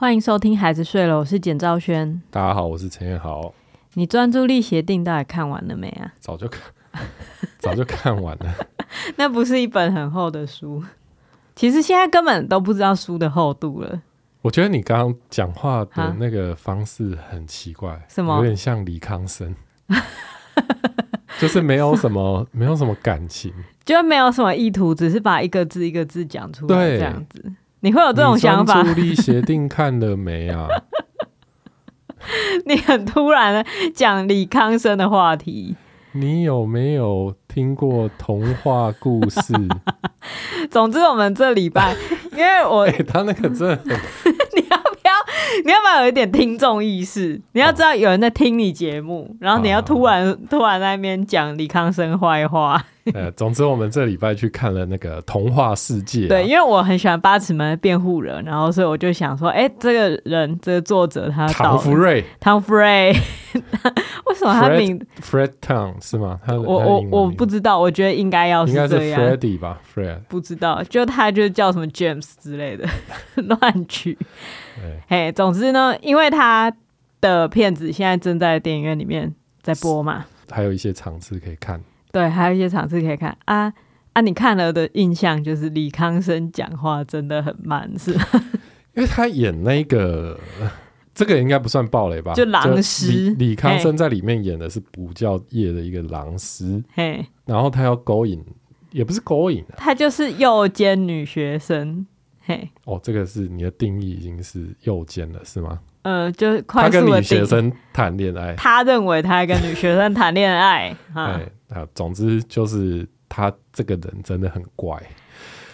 歡迎收聽《孩子睡了》，我是簡昭軒。大家好，我是陳彥豪。你專注力協定到底看完了沒啊？早就看，早就看完了。 那不是一本很厚的書，其實現在根本都不知道書的厚度了。我覺得你剛剛講話的那個方式很奇怪，什麼？有點像李康生， 就是沒有什麼， 沒有什麼感情，就沒有什麼意圖，只是把一個字一個字講出來，這樣子。對。你會有這種想法？協定看了沒啊？ 你很突然講李康生的話題。你有沒有聽過童話故事？ 總之，我們這禮拜， 因為我、欸、他那個真的。 你要不要有一點聽眾意識？你要知道有人在聽你節目，哦，然後你要突然，哦、突然在那邊講李康生壞話。呃， 總之我們這禮拜去看了那個《童話世界》，啊。對，因為我很喜歡《八尺門的辯護人》，然後所以我就想說，哎，欸，這個人這個作者他唐福瑞，唐福瑞， 為什麼他名 Fred, Fred Town 是嗎？他我他我我不知道，我覺得應該要是這樣，應該是 Freddy 吧，Fred，不知道，就他就叫什麼 James 之類的亂 取。哎，總之呢，因為他的片子現在正在電影院裡面在播嘛，還有一些場次可以看。對，還有一些場次可以看。啊啊，你看了的印象就是李康生講話真的很慢，是嗎？因為他演那個，這個應該不算暴雷吧？就狼師李，李康生在裡面演的是補教業的一個狼師，然後他要勾引，也不是勾引，啊，他就是誘姦女學生。嘿，哦，這個是你的定義已經是誘姦了，是嗎？呃，就快他跟女學生談戀愛，他認為他跟女學生談戀愛啊 總之就是他這個人真的很怪。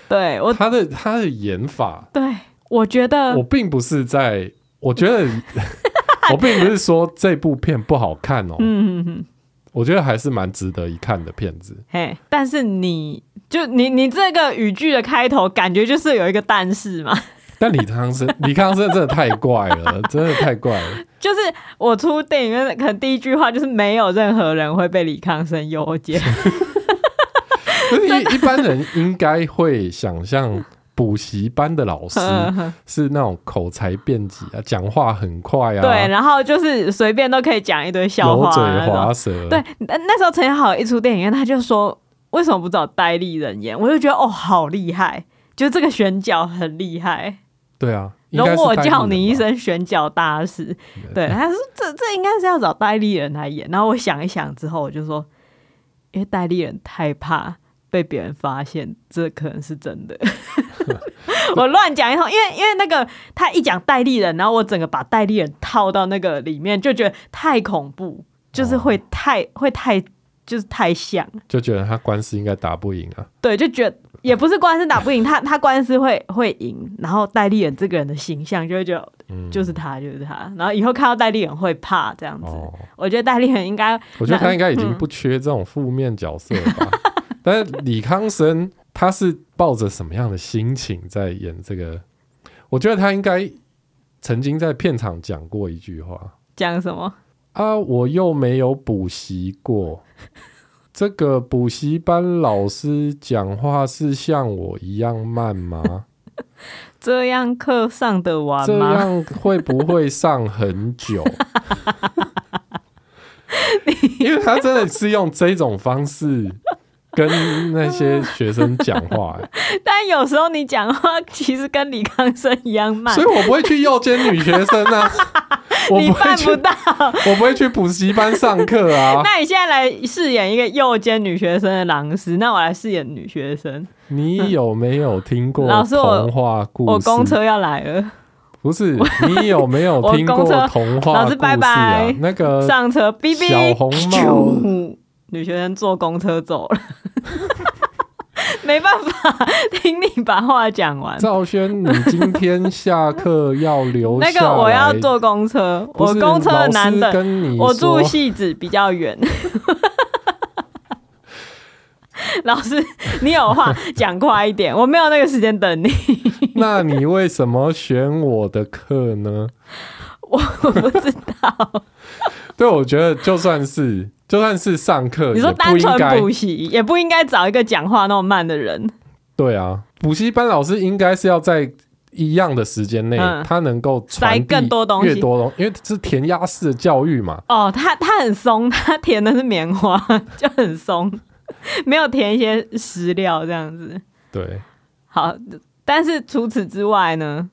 對他的他的演法，對我覺得，我並不是在，我覺得 我並不是說這部片不好看哦，嗯哼哼，我覺得還是蠻值得一看的片子。嘿，但是你。就你你這個語句的開頭，感覺就是有一個但是嘛。但李康生，李康生真的太怪了， 真的太怪了。就是我出電影院，可能第一句話就是沒有任何人會被李康生優解。 一般人應該會想象補習班的老師 是那種口才辯捷啊，講話很快啊。對，然後就是隨便都可以講一堆笑話、啊，油嘴滑舌。對，那那時候陳小豪一出電影院，他就說。為什麼不找戴立忍演？我就覺得哦，好厲害，就這個選角很厲害。對啊，容我叫你一聲選角大師。對，他說這這應該是要找戴立忍來演。然後我想一想之後，我就說，因為戴立忍太怕被別人發現，這可能是真的。 我亂講一通，因為因為那個他一講戴立忍，然後我整個把戴立忍套到那個裡面，就覺得太恐怖，哦、就是會太會太。就是太像，就覺得他官司應該打不贏啊。對，就覺得也不是官司打不贏，他他官司會會贏，然後戴立忍這個人的形象就會覺得，就是他、嗯、就是他，然後以後看到戴立忍會怕這樣子。哦、我覺得戴立忍應該，我覺得他應該已經不缺這種負面角色了吧。嗯、 但是李康生他是抱着什麼樣的心情在演這個？我覺得他應該曾經在片場講過一句話，講什麼？啊！我又沒有補習過，這個補習班老師講話是像我一樣慢嗎？ 這樣課上得完嗎？ 這樣會不會上很久？ 因為他真的是用這種方式跟那些學生講話，欸， 但有時候你講話其實跟李康生一樣慢， 所以我不會去誘姦女學生啊。你辦不到，我不會去補 習班上課啊。 那你現在來飾演一個誘姦女學生的老師，那我來飾演女學生。你有沒有聽過童話故事我？我公車要來了，不是？你有沒有聽過童話故事、啊？老師拜拜。那個上車，嗶嗶。小紅帽女學生坐公車走了。 沒辦法，聽你把話講完。趙軒，你今天下課要留下？ 那個我要坐公車， 我公車難的的你，我住汐止比較遠。 老師，你有話講快一點， 我沒有那個時間等你。 那你為什麼選我的課呢？我不知道。 對，我覺得就算是就算是上課，你說單純補習也不應該找一個講話那麼慢的人。對啊，補習班老師應該是要在一樣的時間內，嗯、他能夠傳遞更多東西，越多東西，因為是填鴨式的教育嘛。哦，他他很鬆，他填的是棉花，就很鬆， 沒有填一些實料這樣子。對，好，但是除此之外呢？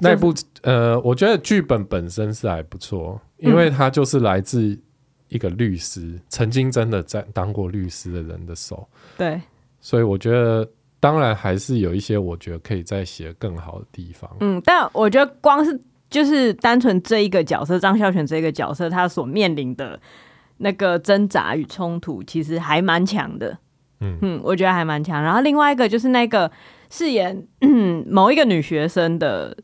那部，就是、呃，我覺得劇本本身是還不錯。因為他就是來自一個律師、嗯，曾經真的在當過律師的人的手，對，所以我覺得當然還是有一些，我覺得可以再寫更好的地方。嗯，但我覺得光是就是單純這一個角色張孝全這個角色，他所面臨的那個掙扎與衝突，其實還蠻強的。嗯嗯，我覺得還蠻強。然後另外一個就是那個飾演某一個女學生的，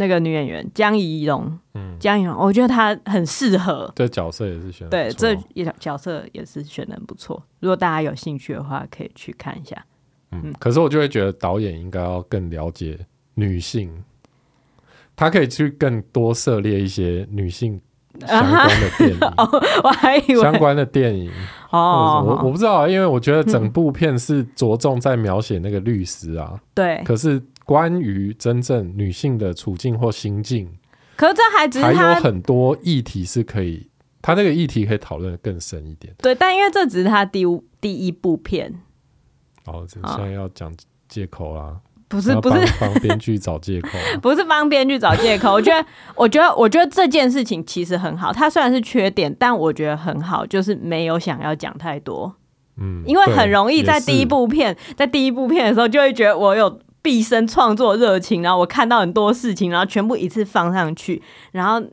那個女演員江宜蓉，嗯，江宜蓉，我覺得她很適合。這角色也是選對，這一角色也是選的不錯。如果大家有興趣的話，可以去看一下嗯。嗯，可是我就會覺得導演應該要更了解女性，她可以去更多涉獵一些女性相關的電影。我還以為相關的電影 哦，我哦哦我，我不知道、啊嗯，因為我覺得整部片是着重在描寫那個律師啊。對，可是。關於真正女性的處境或心境，可是這還只是還有很多議題是可以，她那個議題可以討論更深一點。對，但因為這只是她第第一部片，哦，這算要講借口啦、啊哦？不是不是幫編劇找借口？不是幫編劇找借口,、啊、 口？ 我覺得，我覺得，我覺得這件事情其實很好。 它雖然是缺點，但我覺得很好，就是沒有想要講太多。嗯，因為很容易在第一部片，在第一部片的時候就會覺得我有。畢生創作熱情，然後我看到很多事情，然後全部一次放上去，然後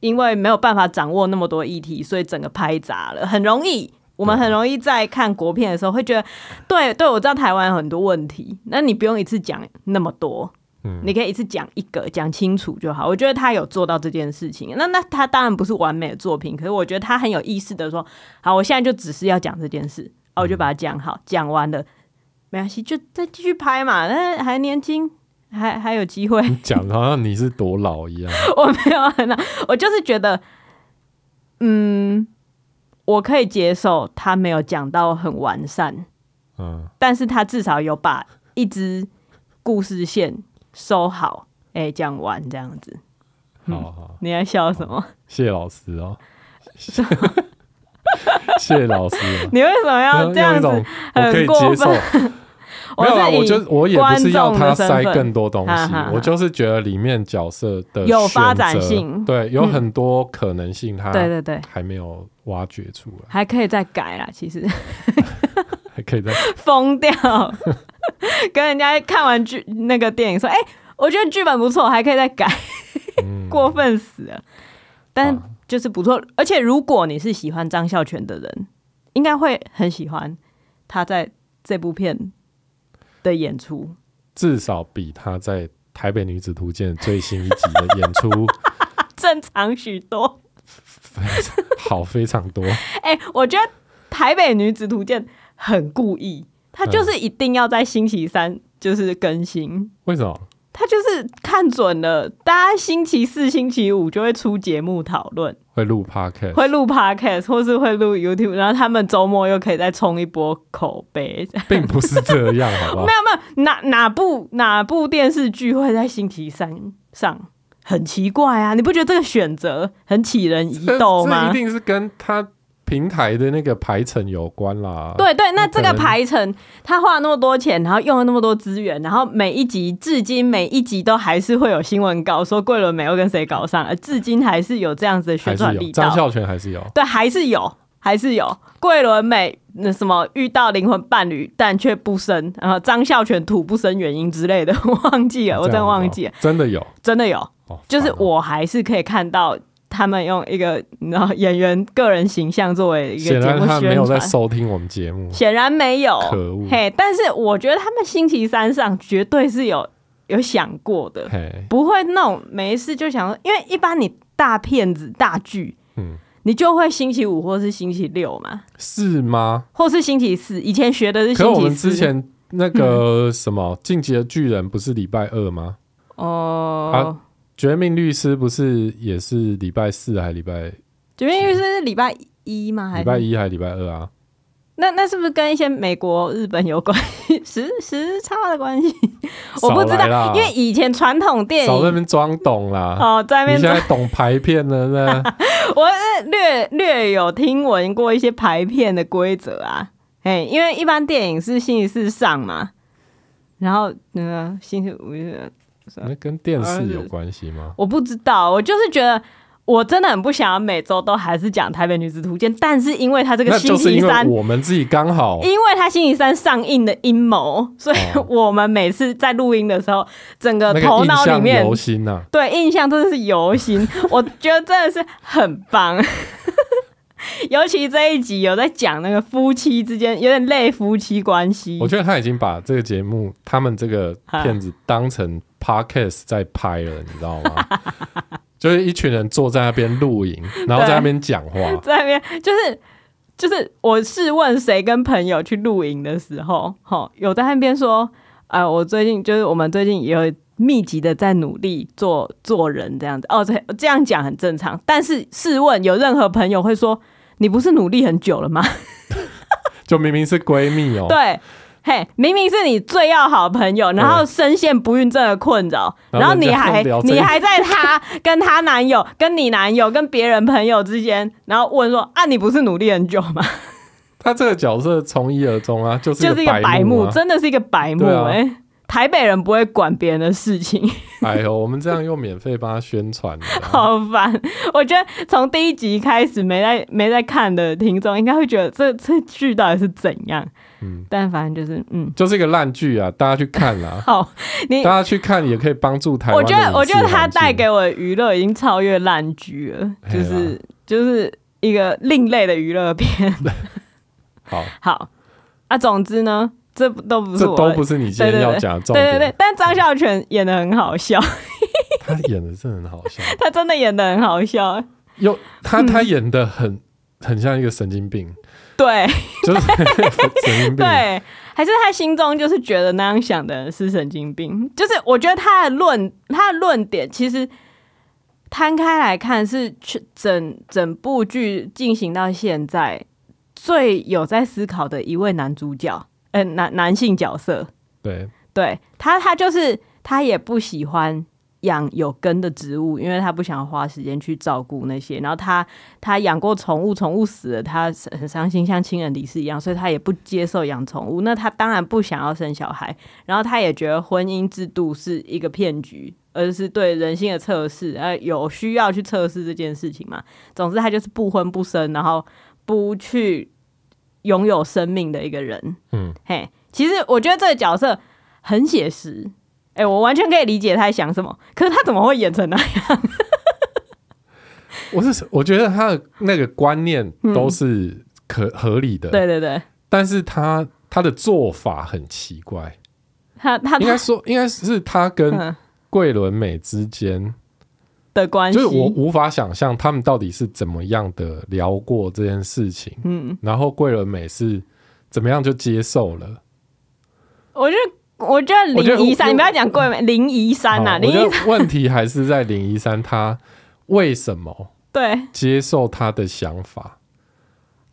因為沒有辦法掌握那麼多議題，所以整個拍砸了。很容易，我們很容易在看國片的時候會覺得，嗯、對對，我知道台灣有很多問題，那你不用一次講那麼多，嗯，你可以一次講一個，講清楚就好。我覺得他有做到這件事情，那那他當然不是完美的作品，可是我覺得他很有意思的說，好，我現在就只是要講這件事，啊，我就把它講好，嗯、講完了。沒關係，就再繼續拍嘛。那還年輕，還還有機會。講的好像你是多老一樣， 我沒有很老，我就是覺得，嗯，我可以接受他沒有講到很完善，嗯，但是他至少有把一只故事線收好，哎、欸，講完這樣子、嗯。好好，你在笑什麼？謝謝老師哦。 謝謝老師、啊，你為什麼要這樣子很過分？嗯？我可以接受， 我以沒有、啊，我就我也不是要他塞更多東西， 啊啊啊，我就是覺得裡面角色的有發展性，對，有很多可能性，他對對對，還沒有挖掘出來，對對對，還可以再改啊，其實還可以再瘋掉，跟人家看完劇那個電影說，哎，我覺得劇本不錯，還可以再改，過分死了，但是就是不錯，而且如果你是喜歡張孝全的人，應該會很喜歡他在這部片的演出。至少比他在《台北女子圖鑑》最新一集的演出 正常許多。非常，好非常多。哎、 欸，我覺得《台北女子圖鑑》很故意，他就是一定要在星期三就是更新。為什麼？他就是看準了，大家星期四、星期五就會出節目討論，會錄 Podcast，會錄 Podcast 或是會錄 YouTube，然後他們周末又可以再衝一波口碑，並不是這樣，好不好？ 沒有沒有，哪哪部哪部電視劇會在星期三上？很奇怪啊！你不覺得這個選擇很啟人疑竇嗎？這一定是跟他。平台的那個排程有關啦。對對，對，那這個排程，他花了那麼多錢，然後用了那麼多資源，然後每一集至今每一集都還是會有新聞稿說桂綸鎂又跟誰搞上了，而至今還是有這樣子的宣傳力度。張孝全還是有，對，還是有，還是有。桂綸鎂那什麼遇到靈魂伴侶，但卻不生，然後張孝全吐不生原因之類的， 我忘記了，我真的忘記了、哦。真的有，真的有、哦，就是我還是可以看到。他們用一個演員個人形象作為一個節目宣傳。顯然他們沒有在收聽我們節目。顯然沒有，可惡！嘿、hey,，但是我覺得他們星期三上絕對是有有想過的，hey, 不會弄沒事就想說，因為一般你大片子大劇，嗯，你就會星期五或是星期六嘛？是嗎？或是星期四？以前學的是星期四。可我們之前那個什麼《進、嗯、擊的巨人》不是禮拜二嗎？哦、呃。啊絕命律師不是也是禮拜四還是禮拜？絕命律師是禮拜一嗎？還是禮拜一還是禮拜二啊？那那是不是跟一些美國、日本有關時時差的關係？我不知道，因為以前傳統電影少那邊裝懂了哦，在那邊現在懂排片了呢。 我是略略有聽聞過一些排片的規則啊，哎，因為一般電影是星期四上嘛，然後那個、呃、星期五。啊、那跟電視有關係嗎、啊就是？我不知道，我就是覺得我真的很不想要每周都還是講《台北女子圖鑑》，但是因為他這個星期三，我們自己剛好，因為他星期三上映的陰謀，所以我們每次在錄音的時候，整個頭腦裡面、那個啊、對，印象真的是猶新， 我覺得真的是很棒。 尤其這一集有在講那個夫妻之間有點類夫妻關係，我覺得他已經把這個節目、他們這個片子當成。Podcast 在拍了，你知道嗎？ 就是一群人坐在那邊露營，然後在那邊講話，在那邊就是就是，就是、我試問誰跟朋友去露營的時候，齁，有在那邊說、呃，我最近就是我們最近有密集的在努力做做人這樣子哦，這這樣講很正常。但是試問，有任何朋友會說你不是努力很久了嗎？ 就明明是閨蜜哦、喔，對。嘿、hey，明明是你最要好朋友，然後深陷不孕症、嗯、的困擾，然後你還你還在他跟他男友、 跟你男友、跟別人朋友之間，然後問說啊，你不是努力很久嗎？他這個角色從一而終啊，就是、啊、就是一個白目、啊，真的是一個白目哎、啊欸！台北人不會管別人的事情。 哎呦，我們這樣用免費幫他宣傳， 好煩！我覺得從第一集開始沒在沒在看的聽眾，應該會覺得這這劇到底是怎樣？嗯，但反正就是嗯，就是一個爛劇啊，大家去看啦，啊。 好，你大家去看也可以幫助台灣。我覺得，我覺得他帶給我的娛樂已經超越爛劇了，就是就是一個另類的娛樂片。 好好 啊，總之呢，這不都不是，這都不是你今天要講的重點。對對，對對對，但張孝全演得很好笑 他演得真的很好笑， 他真的演的是很好笑，他真的演的很好笑，又他他演的很，嗯、很像一個神經病。對，對， 對，還是他心中就是覺得那樣想的是神經病。就是我覺得他的論他的論點，其實攤開來看，是整整部劇進行到現在最有在思考的一位男主角，嗯、呃，男男性角色。對，對，對他，他就是他也不喜歡。養有根的植物，因為他不想要花時間去照顧那些。然後他他養過寵物，寵物死了，他很傷心，像親人離世一樣。所以他也不接受養寵物。那他當然不想要生小孩。然後他也覺得婚姻制度是一個騙局，而是對人性的測試，而有需要去測試這件事情嘛。總之，他就是不婚不生，然後不去擁有生命的一個人。嗯，嘿，其實我覺得這個角色很寫實。哎、欸，我完全可以理解他在想什麼，可是他怎麼會演成那樣？ 我是我覺得他的那個觀念都是可、嗯、合理的，對對對，但是他他的做法很奇怪。他他、他應該說應該是他跟桂綸鎂之間、嗯、的關係，就是我無法想象他們到底是怎麼樣的聊過這件事情。嗯，然後桂綸鎂是怎麼樣就接受了？我覺得。我覺得林異山，你不要講貴門林異山吶、啊。我覺得問題還是在林異山， 他為什麼對接受他的想法，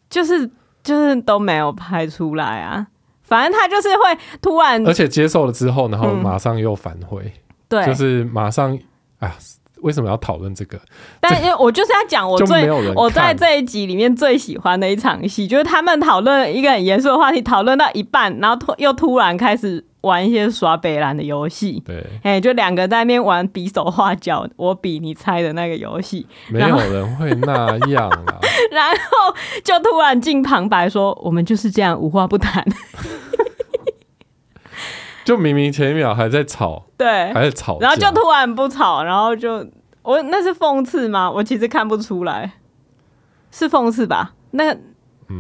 就是就是都沒有拍出來啊。反正他就是會突然，而且接受了之後，然後馬上又反悔、嗯。對，就是馬上哎呀，為什麼要討論這個？但因為我就是要講我最，我在這一集裡面最喜歡的一場戲，就是他們討論一個很嚴肅的話題，討論到一半，然後突又突然開始。玩一些耍北爛的遊戲，對，哎、欸，就兩個在那邊玩比手畫腳，我比你猜的那個遊戲，沒有人會那樣的。 然後就突然進旁白說：“我們就是這樣無話不談。 ”就明明前一秒還在吵，對，還在吵，然後就突然不吵，然後就我那是諷刺嗎？我其實看不出來，是諷刺吧？那。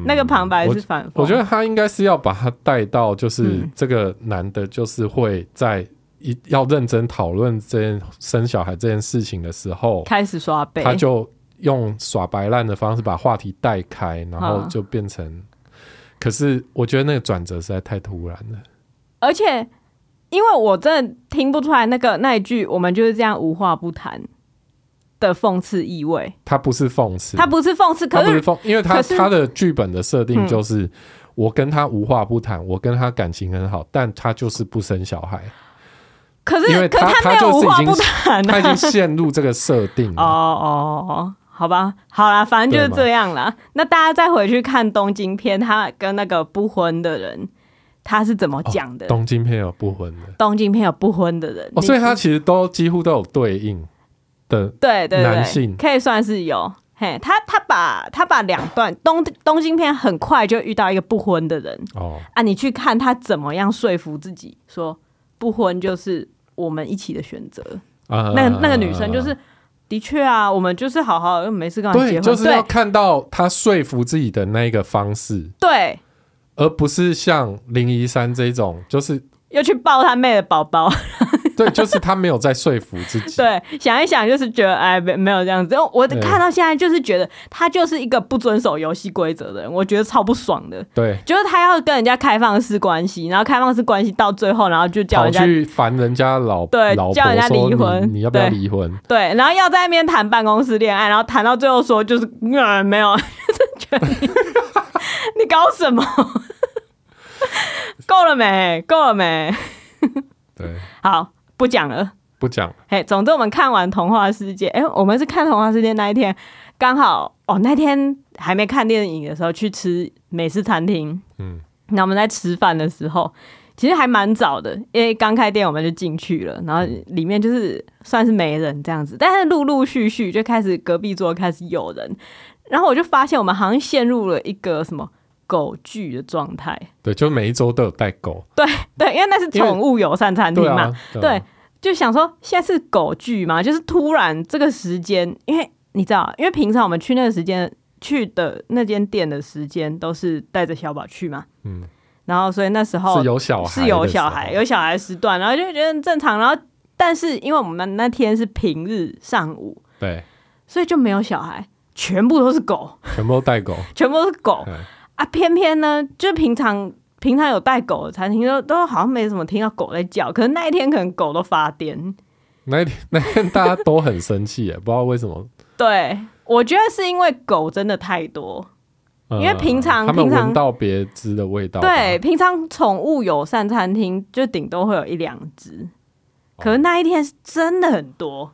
那個旁白是反覆，我覺得他應該是要把他帶到，就是這個男的，就是會在一要認真討論這件生小孩這件事情的時候，開始耍，他就用耍白爛的方式把話題帶開，然後就變成。嗯、可是我覺得那個轉折實在太突然了，而且因為我真的聽不出來那個那一句“我們就是這樣無話不談”。的諷刺意味，他不是諷刺，他不是諷刺，可是，是因為他他的劇本的設定就是、嗯、我跟他無話不談，我跟他感情很好，但他就是不生小孩。可是因為他可他，沒有無話不談、啊、他就是已經不他已經陷入這個設定。哦哦哦，好吧，好了，反正就是這樣了。那大家再回去看東京片，他跟那個不婚的人他是怎麼講的、哦？東京片有不婚的，東京片有不婚的人，哦、所以他其實都幾乎都有對應。對對對男性，可以算是有嘿，他他把他把兩段東東京篇很快就遇到一個不婚的人哦啊，你去看他怎麼樣說服自己說不婚就是我們一起的選擇啊，那那個女生就是、啊、的確啊，我們就是好好的沒事跟他結婚，就是要看到她說服自己的那一個方式，對，而不是像林一山這一種就是。又去抱他妹的寶寶，對，就是他沒有在說服自己 對，想一想就是覺得哎，沒沒有這樣子。然後我看到現在就是覺得他就是一個不遵守遊戲規則的人，我覺得超不爽的。對，就是他要跟人家開放式關係，然後開放式關係到最後，然後就叫人家去煩人家老對老婆，叫人家離婚你，你要不要離婚？對，對，然後要在那邊談辦公室戀愛，然後談到最後說就是、呃、沒有， 你, 你搞什麼？夠了沒？夠了沒？對， 好，不講了，不講了。Hey, 總之我們看完童話世界。哎、欸，我們是看童話世界那一天，剛好哦，那天還沒看電影的時候去吃美式餐廳。嗯，那我們在吃飯的時候，其實還蠻早的，因為剛開店我們就進去了，然後裡面就是算是沒人這樣子，但是陸陸續續就開始隔壁桌開始有人，然後我就發現我們好像陷入了一個什麼。狗聚的狀態，對，就每一周都有帶狗，對對，因為那是寵物友善餐廳嘛，對啊、對啊，對，就想說現在是狗聚嘛，就是突然這個時間，因為你知道，因為平常我們去那個時間去的那間店的時間都是帶着小寶去嘛，嗯，然後所以那時候有小是有小孩有小孩，有小孩時段，然後就覺得很正常，然後但是因為我們那天是平日上午，對，所以就沒有小孩，全部都是狗，全部都帶狗， 全部都是狗。啊，偏偏呢，就平常平常有帶狗的餐廳都都好像沒什麼聽到狗在叫，可是那一天可能狗都發癲，那一天那天大家都很生氣也 不知道為什麼。對，我覺得是因為狗真的太多，嗯、因為平常他們聞到別只的味道，對，平常寵物友善餐廳就頂多會有一兩只，可是那一天是真的很多、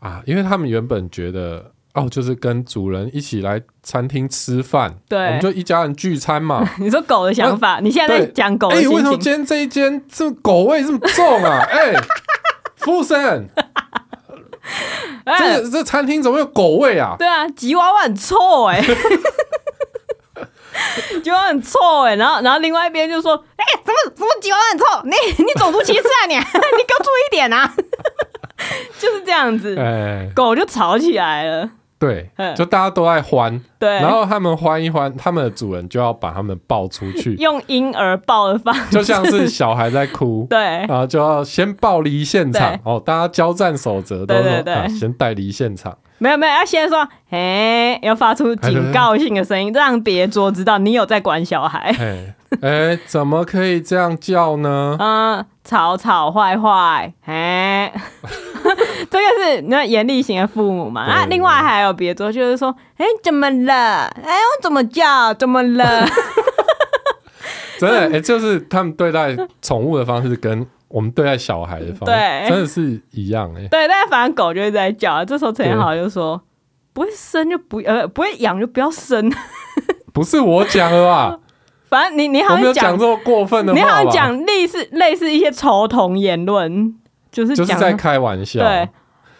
哦、啊，因為他們原本覺得。哦、oh，就是跟主人一起來餐廳吃飯，對，我們就一家人聚餐嘛。呵呵你說狗的想法，啊、你現在在講狗的？哎、欸，為什麼今天這一間這狗味這麼重啊？哎、 欸，服務生，這個、這個、餐廳怎麼有狗味啊？對啊，吉娃娃很臭哎、欸， 吉娃娃很臭哎、欸。然後，然後另外一邊就說：“哎、欸，怎麼怎麼吉娃娃很臭？你你種族歧視啊你啊？你給我注意一點啊！” 就是這樣子，哎、欸，狗就吵起來了。對，就大家都愛歡，對，然後他們歡一歡，他們的主人就要把他們抱出去，用嬰兒抱的方式。就像是小孩在哭， 對，然後就要先抱離現場，哦，大家交戰守則都都，啊，先帶離現場，沒有沒有，要，啊，先說，哎，要發出警告性的聲音，哎對對對，讓別桌知道你有在管小孩，哎、欸，怎麼可以這樣叫呢？啊、 嗯，吵吵壞壞，哎。 這個是那嚴厲型的父母嘛？啊、另外還有別的就是說，哎、欸，怎麼了？哎、欸，我怎麼叫？怎麼了？ 真的，哎、欸，就是他們對待寵物的方式跟我們對待小孩的方式，真的是一樣哎、欸。對，但是反正狗就是在叫，這時候陳好就說：“不會生就不、呃，不會養就不要生。 ”不是我講的吧？反正你你好像講過分的話，你好像講類似類似一些仇同言論。就是、就是在開玩笑，對啊、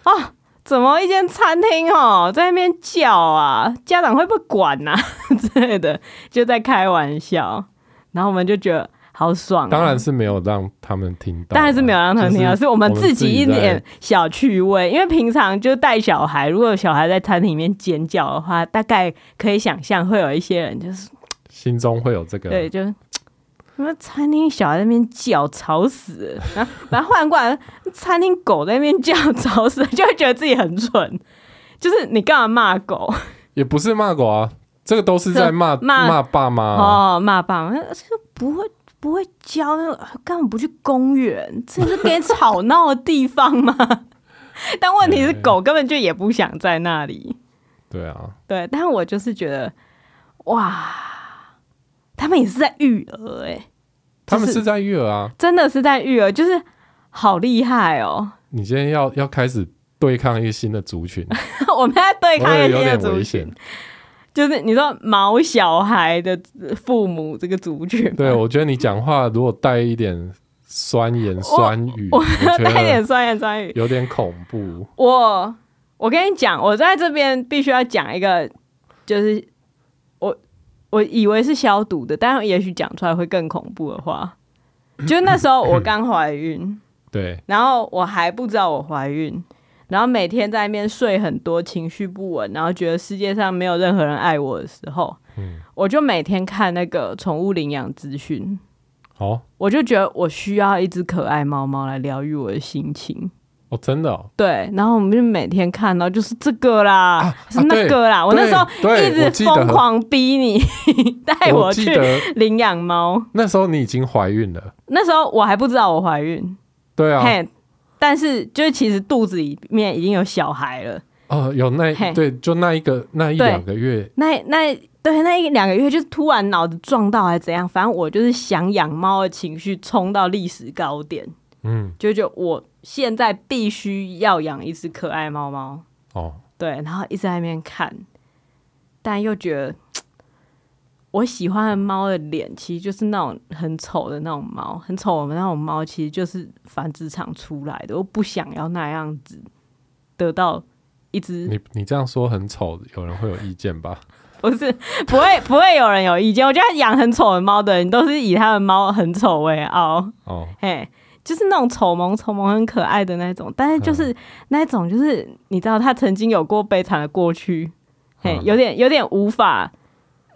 哦，怎麼一間餐廳哦，在那邊叫啊，家長會不會管啊呵呵之類的，就在開玩笑。然後我們就覺得好爽、啊當，當然是沒有讓他們聽到，當然是沒有讓他們聽到，是我們自己一點小趣味。因為平常就帶小孩，如果有小孩在餐廳裡面尖叫的話，大概可以想象會有一些人就是心中會有這個，對，就。什麼餐廳小孩在那邊叫吵死，然後換過來餐廳狗在那邊叫吵死，就會覺得自己很蠢。就是你幹嘛罵狗？也不是罵狗啊，這個都是在罵罵爸媽、啊、哦，罵爸媽是不會不會教，那個，根本不去公園，這是給你吵鬧的地方嗎？ 但問題是狗根本就也不想在那裡。對啊，對，但我就是覺得哇，他們也是在育兒哎、欸。就是、他們是在育兒啊，真的是在育兒，就是好厲害哦！你今天要要開始對抗一個新的族群， 我們要對抗一個新的族群，就是你說毛小孩的父母這個族群。對，我覺得你講話如果帶一點酸言酸語，帶 一點酸言酸語，有點恐怖。我我跟你講，我在這邊必須要講一個，就是。我以為是消毒的，但也許講出來會更恐怖的話。就那時候我剛懷孕， 對，然後我還不知道我懷孕，然後每天在那邊睡很多，情緒不穩，然後覺得世界上沒有任何人愛我的時候，嗯，我就每天看那個寵物領養資訊，oh? 我就覺得我需要一隻可愛貓貓來療癒我的心情。哦，真的哦。對，然後我們就每天看到就是這個啦，啊，是那個啦，啊。我那時候一直瘋狂逼你帶我， 我去領養貓。那時候你已經懷孕了。那時候我還不知道我懷孕。對啊。嘿，但是就是其實肚子裡面已經有小孩了。哦，呃，有那對，就那一個那一兩個月。那那對那一兩個月，就是突然腦子撞到還是怎樣？反正我就是想養貓的情緒衝到歷史高點。嗯，就就我。現在必須要養一隻可愛貓貓哦，oh. 對，然後一直在那邊看，但又覺得我喜歡的貓的臉，其實就是那種很醜的那種貓，很醜。我們那種貓其實就是繁殖場出來的，我不想要那樣子得到一隻。你你這樣說很醜，有人會有意見吧？ 不是，不會，不會有人有意見。 我覺得養很醜的貓的人，都是以他的貓很醜為傲哦，嘿。oh. oh. Hey. 就是那種醜萌醜萌很可愛的那種，但是就是、嗯、那種，就是你知道他曾經有過悲慘的過去，嘿、嗯欸，有點有點無法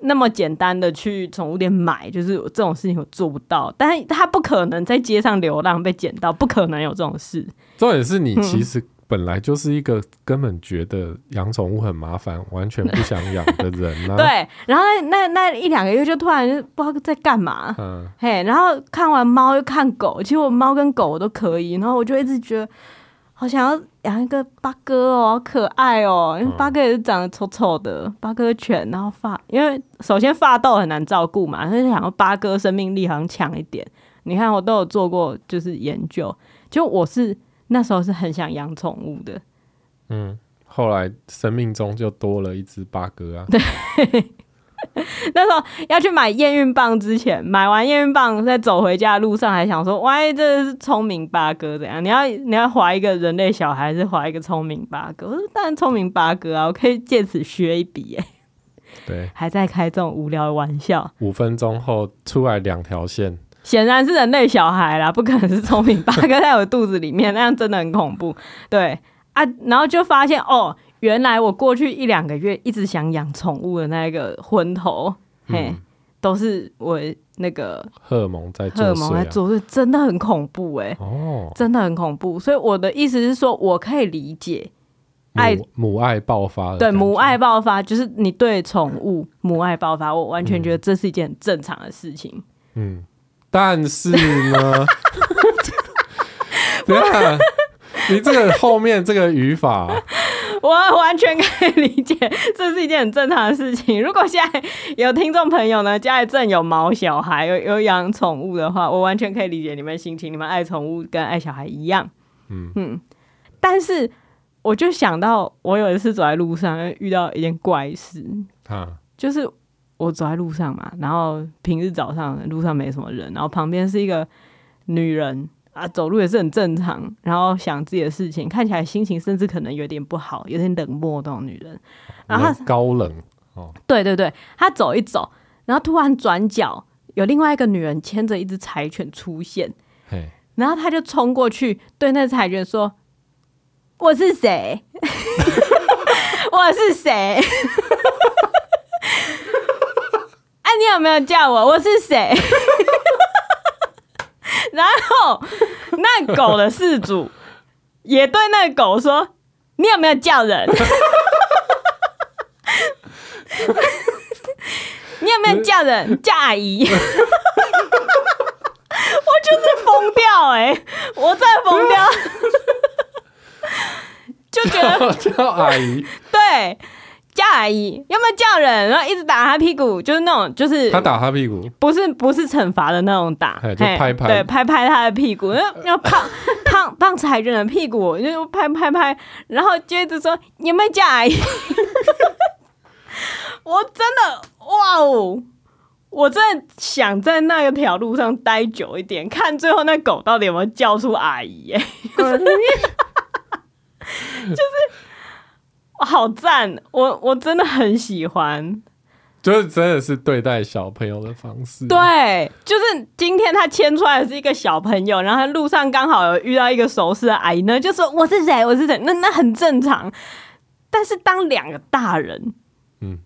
那麼簡單的去寵物店買，就是這種事情我做不到。但是他不可能在街上流浪被撿到，不可能有這種事。重點是你其實、嗯。本來就是一個根本覺得養寵物很麻煩，完全不想養的人呢、啊。 對，然後那那，那一兩個月就突然就不知道在幹嘛。嗯，嘿，然後看完貓又看狗，其實我貓跟狗我都可以。然後我就一直覺得好想要養一個八哥哦，好可愛哦，因為八哥也是長得醜丑的、嗯、八哥犬，然後發，因為首先法鬥很難照顧嘛，所以想要八哥生命力好像強一點。你看我都有做過就是研究，就我是。那時候是很想養寵物的，嗯，後來生命中就多了一隻八哥啊。對， 那時候要去買驗孕棒之前，買完驗孕棒在走回家的路上，還想說，萬一這是聰明八哥怎樣？你要你要懷一個人類小孩，還是懷一個聰明八哥？我說當然聰明八哥啊，我可以借此削一筆哎、欸。對，還在開這種無聊的玩笑。五分鐘後出來兩條線。顯然是人類小孩啦，不可能是聰明八哥在我肚子裡面，那樣真的很恐怖。對啊，然後就發現哦，原來我過去一兩個月一直想養寵物的那個昏頭、嗯，嘿，都是我那個荷爾蒙在荷爾蒙在作祟、啊，真的很恐怖哎、欸哦，真的很恐怖。所以我的意思是說，我可以理解愛母，母愛爆發的，對，母愛爆發，就是你對寵物母愛爆發，我完全覺得這是一件很正常的事情，嗯。但是呢， 不 你這個後面這個語法，我完全可以理解，這是一件很正常的事情。如果現在有聽眾朋友呢，家裡正有毛小孩，有有養寵物的話，我完全可以理解你們心情，你們愛寵物跟愛小孩一樣，嗯嗯。但是我就想到，我有一次走在路上遇到一件怪事啊，就是。我走在路上嘛，然後平日早上路上沒什麼人，然後旁邊是一個女人啊，走路也是很正常，然後想自己的事情，看起來心情甚至可能有點不好，有點冷漠這種女人，嗯、然後她高冷哦，對對對，她走一走，然後突然轉角有另外一個女人牽着一隻柴犬出現，嘿，然後她就衝過去對那柴犬說：“我是誰？ 我是誰？” 你有沒有叫我？我是誰？ 然後那狗的飼主也對那個狗說：“你有沒有叫人？” 你有沒有叫人叫阿姨？ 我就是瘋掉哎、欸！我在瘋掉 就覺得，就叫叫阿姨。 對。叫阿姨，有沒有叫人？然後一直打他屁股，就是那種，就是他打他屁股，不是不是懲罰的那種打，就拍拍，對，拍拍他的屁股，呃、然後 胖胖胖踩人的屁股，就拍拍拍，然後接着說你有沒有叫阿姨？ 我真的哇哦，我真的想在那一條路上待久一點，看最後那狗到底有沒有叫出阿姨，欸。 就是。 好讚！我我真的很喜歡，就是真的是對待小朋友的方式。對，就是今天他牽出來的是一個小朋友，然後他路上剛好有遇到一個熟悉的阿姨呢，那就說我是誰，我是誰，那那很正常。但是當兩個大人，嗯，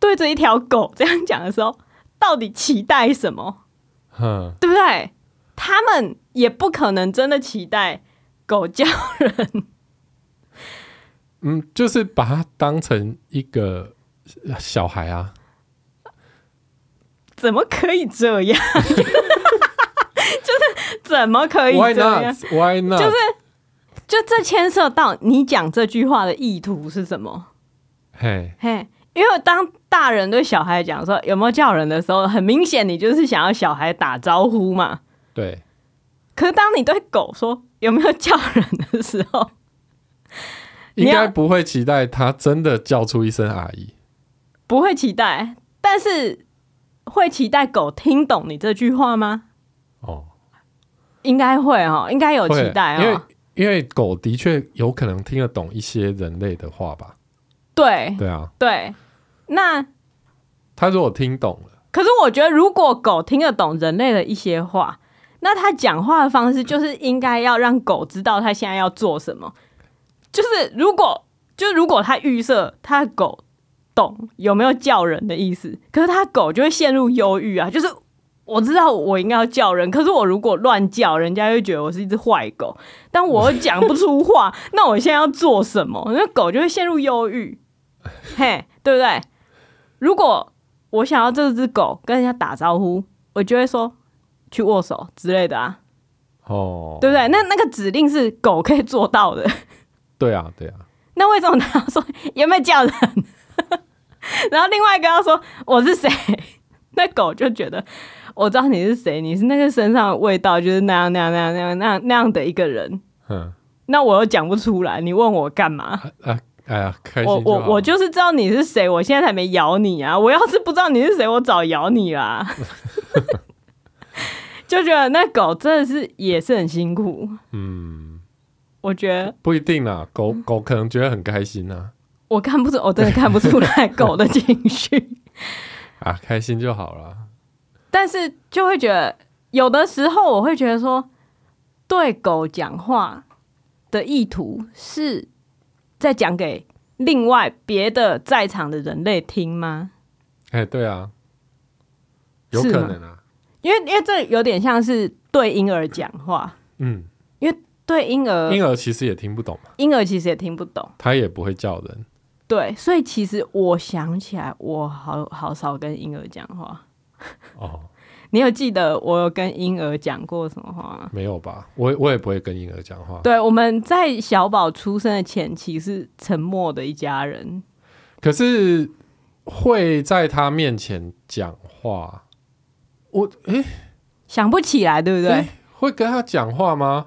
對着一條狗這樣講的時候，到底期待什麼？嗯。對不對？他們也不可能真的期待狗叫人。嗯，就是把他當成一個小孩啊。怎麼可以這樣？ 就是怎麼可以這樣？Why not？Why not？就是就這牽涉到你講這句話的意圖是什麼？嘿，嘿，因為當大人對小孩講說“有沒有叫人”的時候，很明顯你就是想要小孩打招呼嘛。對。可是當你對狗說“有沒有叫人”的時候，應該不會期待他真的叫出一聲阿姨，不會期待，但是會期待狗聽懂你這句話嗎？哦，應該會哦，喔，應該有期待，喔，因為因為狗的確有可能聽得懂一些人類的話吧？對，對啊，對。那他說我聽懂了，可是我覺得如果狗聽得懂人類的一些話，那他講話的方式就是應該要讓狗知道他現在要做什麼。就是如果，就是如果他預設他的狗懂有沒有叫人的意思，可是他狗就會陷入憂鬱啊。就是我知道我應該要叫人，可是我如果亂叫人，人家會覺得我是一隻壞狗。但我又講不出話， 那我現在要做什麼？那狗就會陷入憂鬱。嘿、 hey,，對不對？如果我想要這隻狗跟人家打招呼，我就會說去握手之類的啊。哦、oh.，對不對？那那個指令是狗可以做到的。對啊，對啊。那為什麼他說有沒有叫人？ 然後另外一個他說我是誰？那狗就覺得我知道你是誰，你是那個身上的味道就是那樣那樣那樣那樣那樣的一個人。那我又講不出來，你問我幹嘛？啊啊哎呀，開心就好。我我我就是知道你是誰，我現在才沒咬你啊！我要是不知道你是誰，我早咬你啦。 就覺得那狗真的是也是很辛苦。嗯。我覺得不一定啦，狗狗可能覺得很開心啦、啊。我看不出，我真的看不出來狗的情緒 啊，開心就好了。但是就會覺得，有的時候我會覺得說，對狗講話的意圖是，在講給另外別的在場的人類聽嗎？哎、欸，對啊，有可能啊，因為因為這有點像是對嬰兒講話，嗯，因為。對嬰兒，嬰兒其實也聽不懂嘛。嬰兒其實也聽不懂，他也不會叫人。對，所以其實我想起來，我好好少跟嬰兒講話。 哦，你有記得我有跟嬰兒講過什麼話嗎？沒有吧，我我也不會跟嬰兒講話。對，我們在小寶出生的前期是沉默的一家人，可是會在他面前講話。我哎，想不起來，對不對？會跟他講話嗎？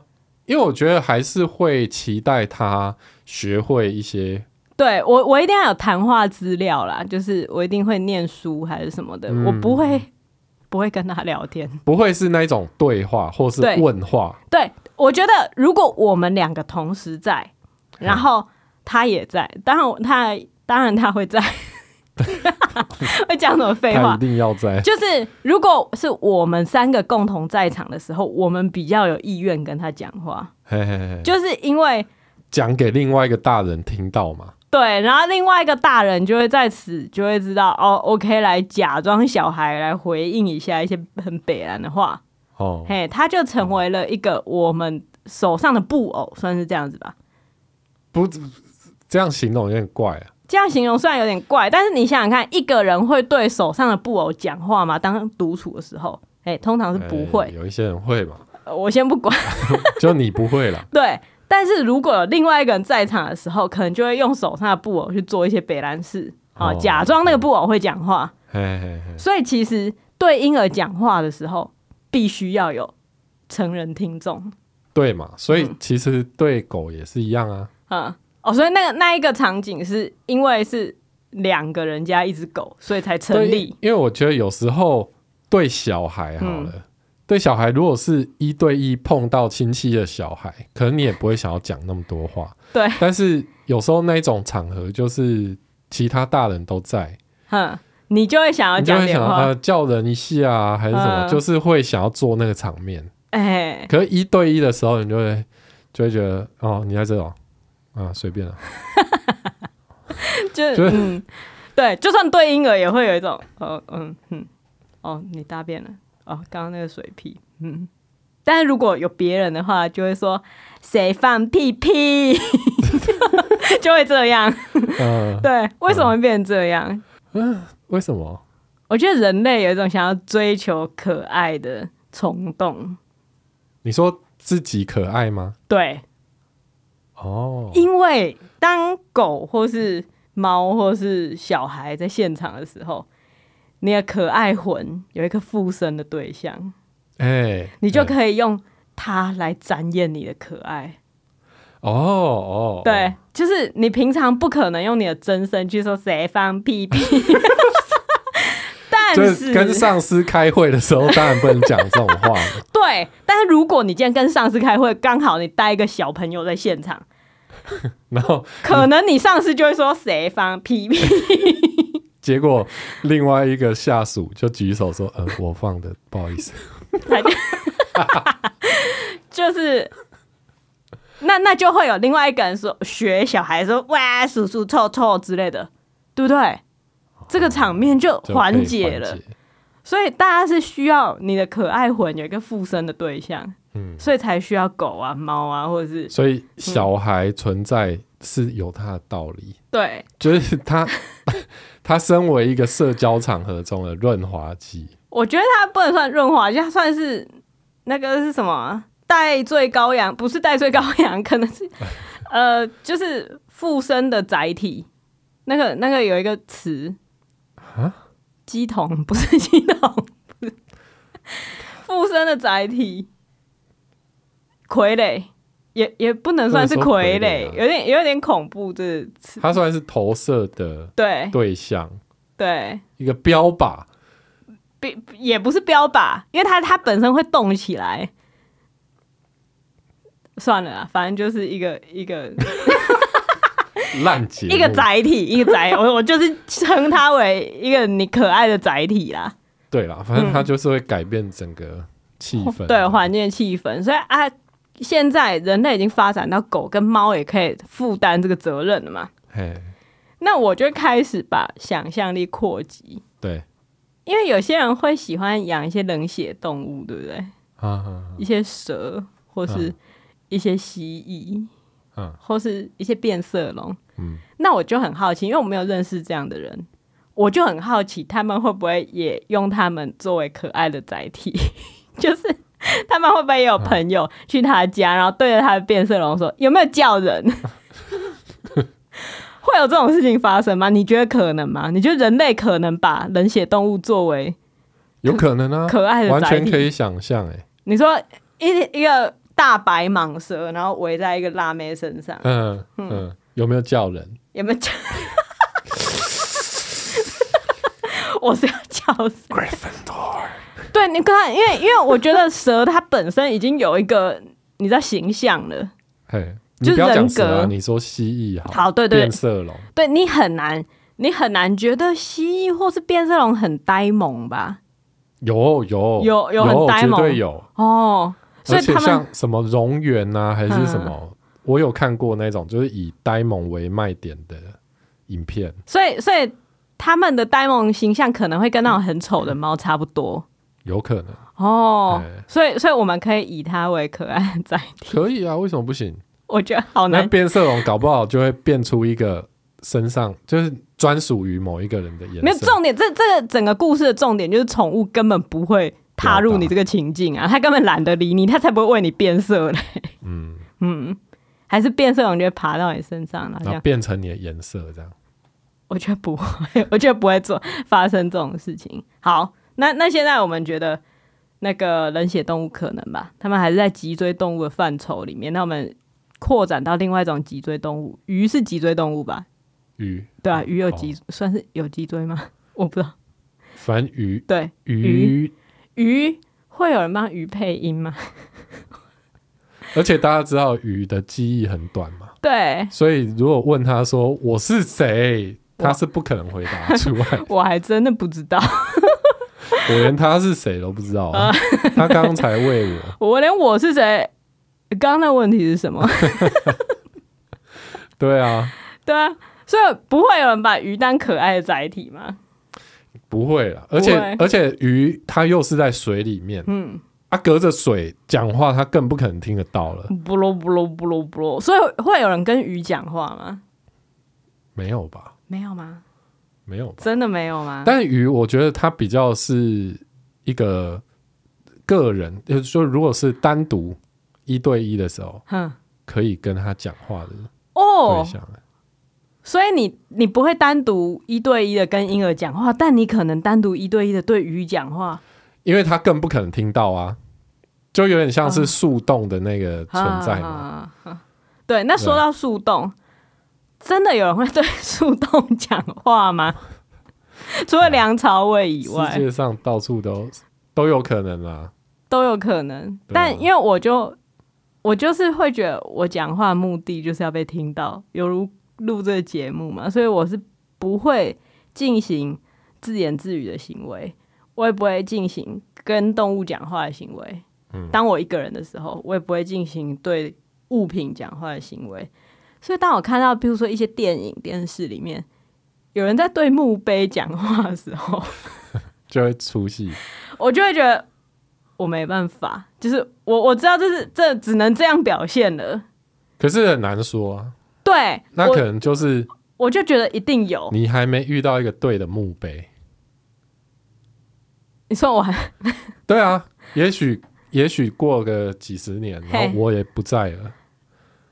因為我覺得還是會期待他學會一些對，對我我一定要有談話資料啦，就是我一定會念書還是什麼的，嗯，我不會不會跟他聊天，不會是那種對話或是問話。對，對，我覺得如果我們兩個同時在，然後他也在，當然他當然他會在。 會講什麼廢話？一定要在， 就是如果是我們三個共同在場的時候，我們比較有意願跟他講話， 就是因為講 給另外一個大人聽到嘛。對，然後另外一個大人就會在此就會知道哦，OK，來假裝小孩來回應一下一些很北爛的話。哦， 嘿，他就成為了一個我們手上的布偶，算是這樣子吧。不，不這樣形容有點怪啊。這樣形容雖然有點怪，但是你想想看，一個人會對手上的布偶講話嗎？當獨處的時候，哎、欸，通常是不會。欸、有一些人會吧、呃？我先不管， 就你不會了。對，但是如果有另外一個人在場的時候，可能就會用手上的布偶去做一些北蘭事。啊，哦、假裝那個布偶會講話。嘿嘿嘿。所以其實對嬰兒講話的時候，必須要有成人聽眾。對嘛？所以其實對狗也是一樣啊。嗯。哦，所以那個那一個場景是因為是兩個人加一只狗，所以才成立。因為我覺得有時候對小孩好了，嗯、對小孩如果是一對一碰到親戚的小孩，可能你也不會想要講那麼多話。對，但是有時候那種場合就是其他大人都在，哼，你就會想要講點話，就會想呃叫人一下啊，還是什麼、嗯，就是會想要做那個場面。哎、欸，可是一對一的時候，你就會就會覺得哦，你在這種。啊，隨便了， 就，就嗯，對，就算對嬰兒也會有一種，哦，嗯，嗯，哦，你大便了，哦，剛剛那個水屁，嗯，但如果有別人的話，就會說誰放屁屁， 就會這樣。嗯、 呃，對，為什麼會變成這樣？嗯、呃，為什麼？我覺得人類有一種想要追求可愛的衝動。你說自己可愛嗎？對。哦，因為當狗或是貓或是小孩在現場的時候，你的可愛魂有一個附身的對象，哎、欸，你就可以用它來展現你的可愛。哦、欸、哦、欸，對，就是你平常不可能用你的真身去說誰放屁屁， 但是跟上司開會的時候當然不能講這種話。 對，但是如果你今天跟上司開會，剛好你帶一個小朋友在現場。 然後可能你上司就會說誰放屁屁？ 結果另外一個下屬就舉手說：“呃，我放的，不好意思。 ” 就是那那就會有另外一個人說學小孩說哇，叔叔臭臭,臭之類的，對不對？這個場面就緩解了。就可以緩解。所以大家是需要你的可愛魂有一個附身的對象。嗯，所以才需要狗啊、貓啊，或者是……所以小孩存在是有他的道理。對、嗯，就是他， 他身為一個社交場合中的潤滑劑。我覺得他不能算潤滑劑，他算是那個是什麼？代罪羔羊？不是代罪羔羊，可能是 呃，就是附身的載體。那個那個有一個詞啊，乩童，不是乩童是，附身的載體。傀儡也也不能算是傀儡，傀儡啊，有點有點恐怖。這，就是他算是投射的對對象，對，對一個標靶，也不是標靶，因為他他本身會動起來。算了，反正就是一個一個爛結，一個載 體，一個載體我我就是稱它為一個你可愛的載體啦。對啦，反正它就是會改變整個氣氛，嗯，對環境氣氛，所以啊。現在人類已經發展到狗跟貓也可以負擔這個責任了嘛？Hey. 那我就開始把想象力擴及。對，因為有些人會喜歡養一些冷血動物，對不對？Uh -huh. 一些蛇或是一些蜥蜴，uh -huh. 或是一些變色龍。Uh -huh. 那我就很好奇，因為我沒有認識這樣的人，我就很好奇他們會不會也用他們作為可愛的載體， 就是。他們會不會也有朋友去他家、啊，然後對着他的變色龍說：“有沒有叫人？” 會有這種事情發生嗎？你覺得可能嗎？你覺得人類可能把冷血動物作為？有可能啊，可愛的，完全可以想象。哎，你說一一個大白蟒蛇，然後圍在一個辣妹身上，嗯嗯，嗯，有沒有叫人？有沒有叫人？哈哈哈哈哈！我是要叫誰？Gryffindor 對你看，因為因為我覺得蛇它本身已經有一個你的形象了，嘿， 就不要講蛇、啊，你說蜥蜴好，好對對，對變色龍，對你很難，你很難覺得蜥蜴或是變色龍很呆萌吧？有有有有很呆萌，哦，對有哦。而且像什麼龍原啊還是什麼、嗯，我有看過那種就是以呆萌為賣點的影片。所以所以他們的呆萌形象可能會跟那種很醜的貓差不多。有可能哦，所以所以我們可以以它為可愛的載體，可以啊？為什麼不行？我覺得好難。那變色龍搞不好就會變出一個身上 就是專屬於某一個人的顏色。沒有重點，這這整個故事的重點就是寵物根本不會踏入你這個情境啊！它根本懶得理你，它才不會為你變色嘞。嗯嗯，還是變色龍就會爬到你身上然後，然後變成你的顏色這樣？我覺得不會，我覺得不會做發生這種事情。好。那那現在我們覺得那個冷血動物可能吧，他們還是在脊椎動物的範疇裡面。那我們擴展到另外一種脊椎動物，魚是脊椎動物吧？魚對啊，魚有脊、哦、算是有脊椎嗎？我不知道。反正魚對魚魚，魚會有人幫魚配音嗎？而且大家知道魚的記憶很短嘛？對。所以如果問他說我是誰，他是不可能回答出來。 我還真的不知道。 我連他是誰都不知道，啊啊。他剛才問我 ，我連我是誰？剛剛那問題是什麼？ 對啊，對啊，所以不會有人把魚當可愛的載體嗎？不會了，而且而且魚它又是在水裡面，嗯，啊隔著隔着水講話，他更不可能聽得到了。不囉不囉不囉不囉，所以會有人跟魚講話嗎？沒有吧？沒有嗎？沒有，真的沒有嗎？但魚，我覺得它比較是一個個人，就是說，如果是單獨一對一的時候，哼，可以跟他講話的哦。所以你你不會單獨一對一的跟嬰兒講話，但你可能單獨一對一的對魚講話，因為它更不可能聽到啊，就有點像是樹洞的那個存在嘛、啊啊啊啊。對，那說到樹洞。真的有人會對樹洞講話嗎？ 除了梁朝偉以外、啊，世界上到處都都有可能啦、啊，都有可能。啊、但因為我就我就是會覺得，我講話的目的就是要被聽到，猶如錄這個節目嘛，所以我是不會進行自言自語的行為，我也不會進行跟動物講話的行為、嗯。當我一個人的時候，我也不會進行對物品講話的行為。所以，當我看到，比如說一些電影、電視裡面有人在對墓碑講話的時候， 就會出戲。我就會覺得我沒辦法，就是我我知道這是這只能這樣表現了。可是很難說啊。對，那可能就是。我就覺得一定有。你還沒遇到一個對的墓碑。你說我還？對啊， 也許也許過個幾十年，然後我也不在了。Hey.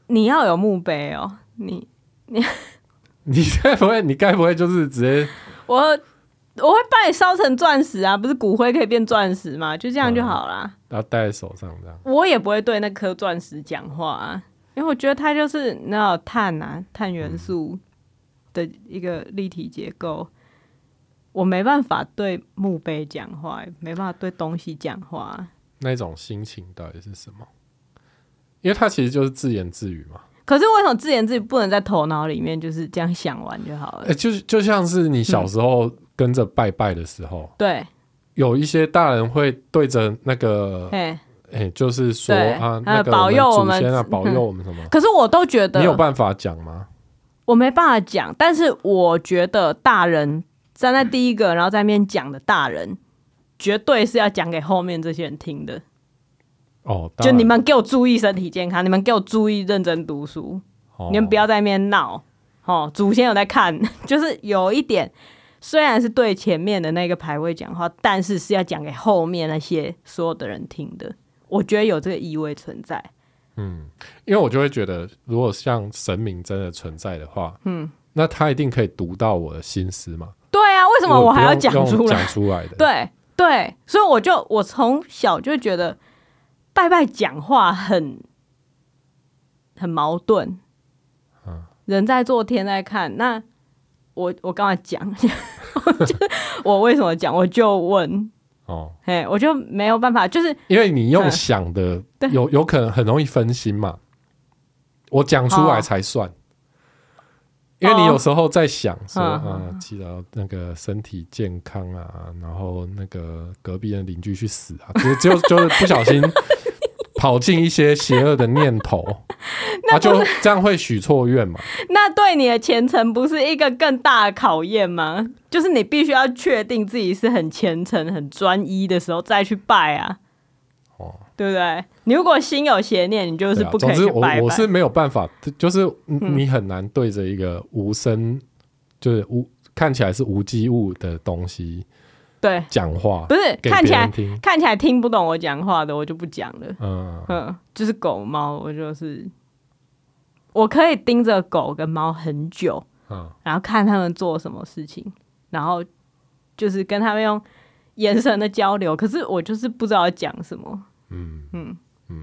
你要有墓碑哦、喔，你你 你該不會你該不會就是直接 我我會把你燒成鑽石啊，不是骨灰可以變鑽石嗎？就這樣就好啦。然後戴在手上這樣。我也不會對那顆鑽石講話、啊嗯，因為我覺得它就是那種碳啊，碳元素的一個立體結構。嗯、我沒辦法對墓碑講話，沒辦法對東西講話。那種心情到底是什麼？因為他其實就是自言自語嘛。可是為什麼自言自語不能在頭腦裡面就是這樣想完就好了？哎、欸，就是就像是你小時候跟着拜拜的時候，嗯、對，有一些大人會對着那個，哎哎、欸，就是說啊，那個我們祖先、啊保佑嗯、保佑我們什麼？可是我都覺得，你有辦法講嗎？我沒辦法講，但是我覺得大人站在第一個，然後在那邊講的大人，絕對是要講給後面這些人聽的。哦，就你們給我注意身體健康，你們給我注意認真讀書，哦、你們不要在那邊鬧。哦，祖先有在看，就是有一點，雖然是對前面的那個牌位講話，但是是要講給後面那些所有的人聽的。我覺得有這個意味存在。嗯，因為我就會覺得，如果像神明真的存在的話，嗯，那他一定可以讀到我的心思嘛。對啊，為什麼我還要講出來？講出來的。對對，所以我就我從小就覺得。拜拜，講話很很矛盾。啊、人在做，天在看。那我我剛才講，一下，呵呵 我為什麼講，我就問哦，嘿，我就沒有辦法，就是因為你用想的、嗯、有有可能很容易分心嘛。我講出來才算、哦，因為你有時候在想說啊，記、哦、得、嗯、那個身體健康啊，啊，然後那個隔壁的鄰居去死啊，就就就是不小心。 跑進一些邪惡的念頭， 那、啊、就這樣會許錯願嘛？ 那對你的虔誠不是一個更大的考驗嗎？就是你必須要確定自己是很虔誠、很專一的時候再去拜啊、哦，對不對？你如果心有邪念，你就是不可以拜拜、哦。總之我，我我是沒有辦法，就是你很難對着一個無聲、嗯、就是無看起來是無機物的東西。對，講話不是看起來聽看起來聽不懂我講話的，我就不講了。嗯就是狗貓，我就是我可以盯着狗跟貓很久，嗯，然後看他們做什麼事情，然後就是跟他們用眼神的交流、嗯。可是我就是不知道講什麼。嗯嗯，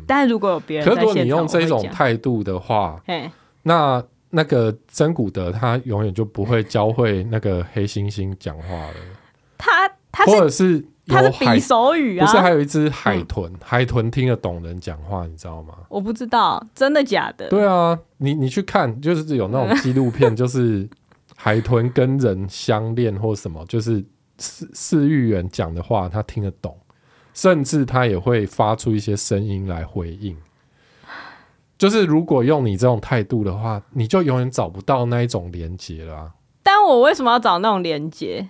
但如果有別人在現場，可是如果你用這種態度的話，欸，那那個珍古德他永遠就不會教會那個黑猩猩講話了。 他。或者是它海是比手語啊，不是還有一隻海豚、嗯？海豚聽得懂人講話，你知道嗎？我不知道，真的假的？對啊，你你去看，就是有那種紀錄片， 就是海豚跟人相戀或什麼，就是飼飼育員講的話，它聽得懂，甚至它也會發出一些聲音來回應。就是如果用你這種態度的話，你就永遠找不到那一種連接了、啊。但我為什麼要找那種連接？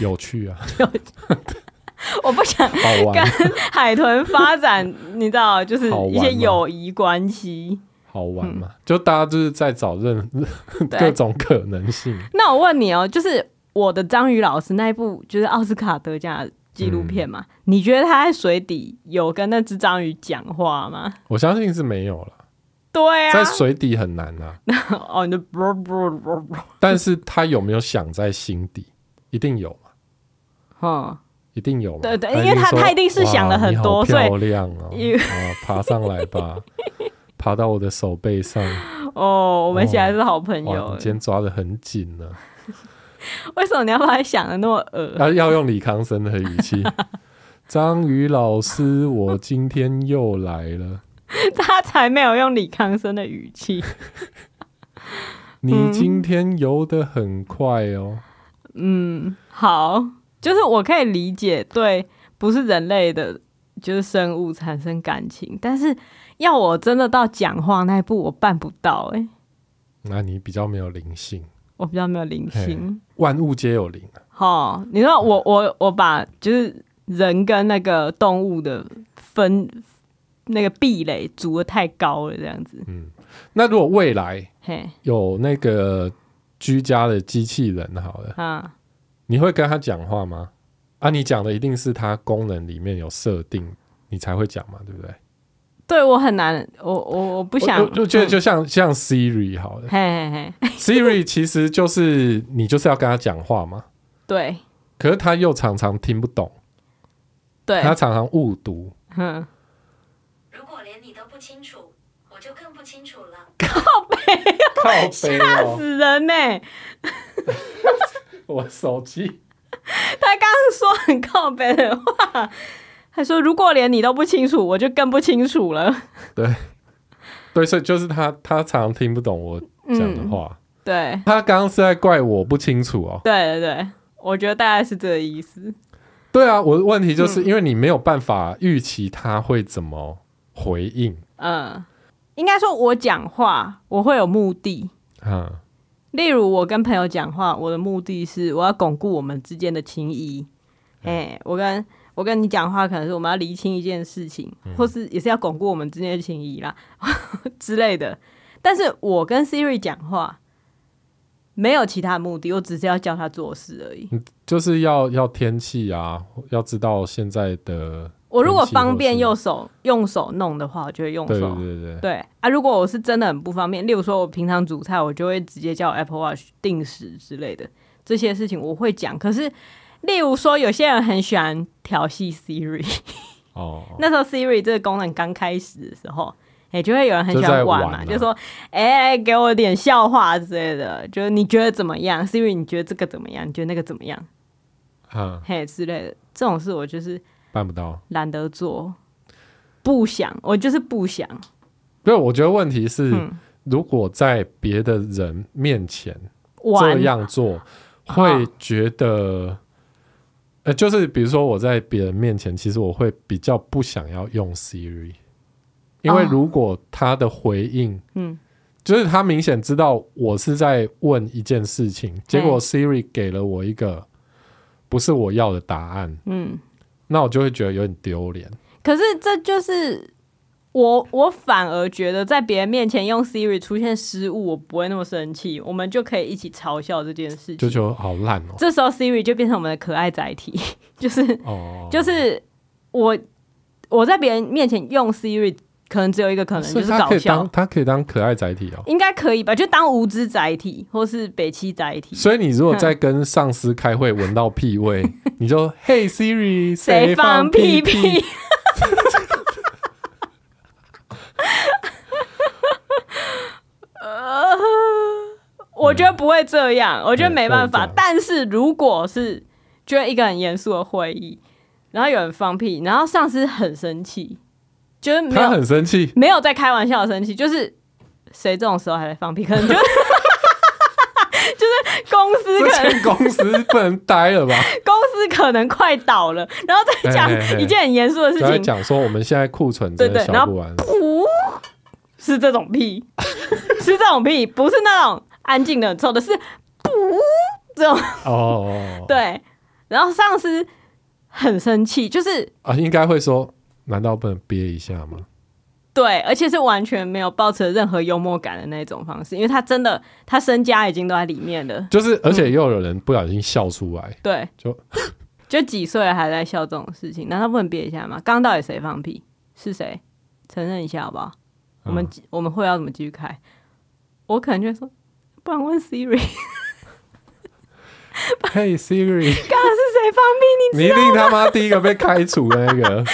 有趣啊！ 我不想跟海豚發展，你知道，就是一些友誼關係。好玩嘛，好玩嘛、嗯？就大家就是在找任各種可能性。那我問你哦、喔，就是我的章魚老師那一部就是奧斯卡得獎紀錄片嘛、嗯？你覺得他在水底有跟那隻章魚講話嗎？我相信是沒有了。對啊，在水底很難啊。 哦，你就但是他有沒有想在心底？一定有哈、哦，一定有對對，因為他他一定是想了很多，好哦、所以漂亮啊， 爬上來吧，爬到我的手背上哦。哦，我們現在是好朋友，今天抓得很緊呢、啊。為什麼你要把他想的那麼惡、呃？要、啊、要用李康生的語氣， 章魚老師，我今天又來了。他才沒有用李康生的語氣。 你今天游得很快哦。嗯嗯，好，就是我可以理解，對，不是人類的，就是生物產生感情，但是要我真的到講話那一步，我辦不到哎、欸。那、嗯啊、你比較沒有靈性，我比較沒有靈性，萬物皆有靈啊、哦。你說我我我把就是人跟那個動物的分、嗯、那個壁壘築得太高了，這樣子。嗯，那如果未來嘿有那個。居家的機器人，好了、啊，你會跟他講話嗎？啊，你講的一定是他功能裡面有設定，你才會講嘛，對不對？對，我很難，我我我不想，我，我就覺得就像、嗯、像 Siri 好了，嘿嘿嘿，Siri 其實就是 你就是要跟他講話嘛，對，可是他又常常聽不懂，對，他常常誤讀，如果連你都不清楚，我就更不清楚了， 嚇死人呢、欸！ 人欸、 我手機機笑。他剛剛說很靠北的話，他說，如果連你都不清楚，我就更不清楚了。 對，對，所以就是他，他常聽不懂我講的話、嗯。對，他剛剛是在怪我不清楚哦。對對對，我覺得大概是這個意思。對啊，我的問題就是因為你沒有辦法預期他會怎麼回應。嗯。應該說我講，我講話我會有目的、嗯。例如我跟朋友講話，我的目的是我要鞏固我們之間的情誼、嗯欸。我跟我跟你講話，可能是我們要釐清一件事情，嗯、或是也是要鞏固我們之間的情誼啦 之類的。但是我跟 Siri 講話，沒有其他目的，我只是要叫他做事而已。就是要要天氣啊，要知道現在的。我如果方便用手用手，用手弄的話，我就會用手。對，對，對，對，對啊，如果我是真的很不方便，例如說，我平常煮菜，我就會直接叫 Apple Watch 定時之類的這些事情，我會講。可是，例如說，有些人很喜歡調戲 Siri。哦。 那時候 Siri 這個功能剛開始的時候，也、欸、就會有人很喜歡玩嘛，就，就說：“哎、欸，給我點笑話之類的。”就是你覺得怎麼樣？Siri，你覺得這個怎麼樣？你覺得那個怎麼樣？嗯、嘿之類的，這種事我就是。辦不到，懶得做，不想，我就是不想。不是，我覺得問題是、嗯，如果在別的人面前這樣做，會覺得、哦呃，就是比如說我在別人面前，其實我會比較不想要用 Siri，因為如果他的回應、哦，就是他明顯知道我是在問一件事情、嗯，結果 Siri 給了我一個不是我要的答案，嗯。那我就會覺得有點丟臉。可是這就是我，我反而覺得在別人面前用 Siri 出現失誤，我不會那麼生氣。我們就可以一起嘲笑這件事情，就覺得好爛哦。這時候 Siri 就變成我們的可愛載體，就是哦，oh. 就是我我在別人面前用 Siri。可能只有一個可能，就是搞笑。他可以當可愛載體哦、喔，應該可以吧？就當無知載體，或是北七載體。所以你如果在跟上司開會聞到屁味， 你就：「Hey Siri，誰放屁？”屁？屁屁」 我覺得不會這樣，我覺得沒辦法。嗯嗯、但是如果是，就是一個很嚴肅的會議，然後有人放屁，然後上司很生氣。覺、就、得、是、他很生氣，沒有在開玩笑，的生氣就是誰這種時候還在放屁，可能就是， 就是公司可能公司不能呆了吧， 公司可能快倒了，然後再講一件很嚴肅的事情，嘿嘿嘿在講說我們現在庫存真的銷不完，對對然後 是這種屁，是這種屁，不是那種安靜的很臭的，是不 這種哦，oh. 對，然後上司很生氣，就是啊，應該會說。難道不能憋一下嗎？對，而且是完全沒有抱持任何幽默感的那種方式，因為他真的他身家已經都在裡面了。就是，而且又有人不小心笑出來，對、嗯，就 就幾歲還在笑這種事情，難道不能憋一下嗎？剛到底誰放屁？是誰？承認一下好不好？我們、嗯、我們會要怎麼繼續開？我可能就會說，不然問 Siri。 Hey Siri，剛 剛是誰放屁？你你一定他媽第一個被開除的那個 。不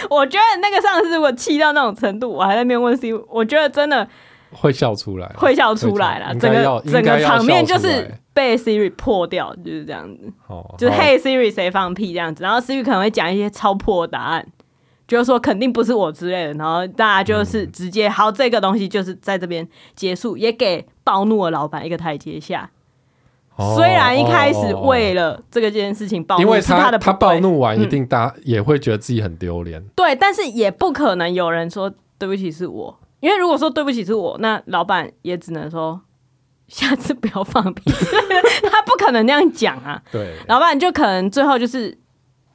是，我覺得那個上司如果氣到那種程度，我還在那邊問 Siri，我覺得真的會笑出來，會笑出來了。整個整個場面就是被 Siri 破掉，就是這樣子。哦，就是、Hey Siri，誰放屁這樣子？然後 Siri 可能會講一些超破的答案，就是說肯定不是我之類的。然後大家就是直接，嗯、好，這個東西就是在這邊結束，也給暴怒的老板一個台階下。雖然一開始為了這個這件事情暴，因為他他，他暴怒完一定大、嗯、也會覺得自己很丟臉，對，但是也不可能有人說對不起是我，因為如果說對不起是我，那老闆也只能說下次不要放屁， 他不可能那樣講啊。對，老闆就可能最後就是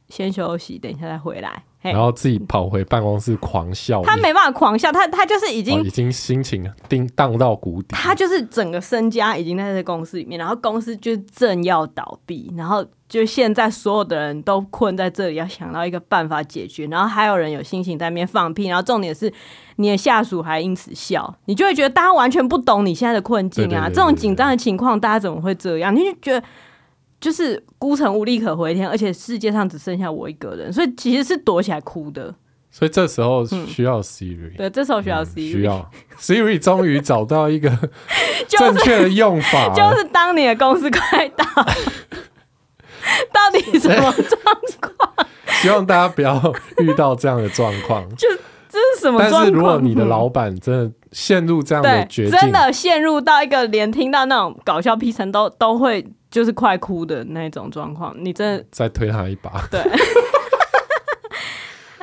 先休息，等一下再回來。然後自己跑回辦公室狂笑，他沒辦法狂笑，他他就是已經、哦、已經心情跌宕到谷底。他就是整個身家已經在這公司裡面，然後公司就正要倒閉，然後就現在所有的人都困在這裡，要想到一個辦法解決。然後還有人有心情在那邊放屁，然後重點是你的下屬還因此笑，你就會覺得大家完全不懂你現在的困境啊！對對對對對對。這種緊張的情況，大家怎麼會這樣？你就覺得。就是孤城無力可回天，而且世界上只剩下我一個人，所以其實是躲起來哭的。所以這時候需要 Siri，、嗯、對，這時候需要 Siri。嗯、需要 Siri 終於找到一個、 就是、正確的用法，就是當你的公司快倒 到底什麼狀況、欸？希望大家不要遇到這樣的狀況。 就這是什麼狀況？但是如果你的老闆真的陷入這樣的絕境，真的陷入到一個連聽到那種搞笑 P 城都都會。就是快哭的那種狀況，你真的、嗯、再推他一把，對，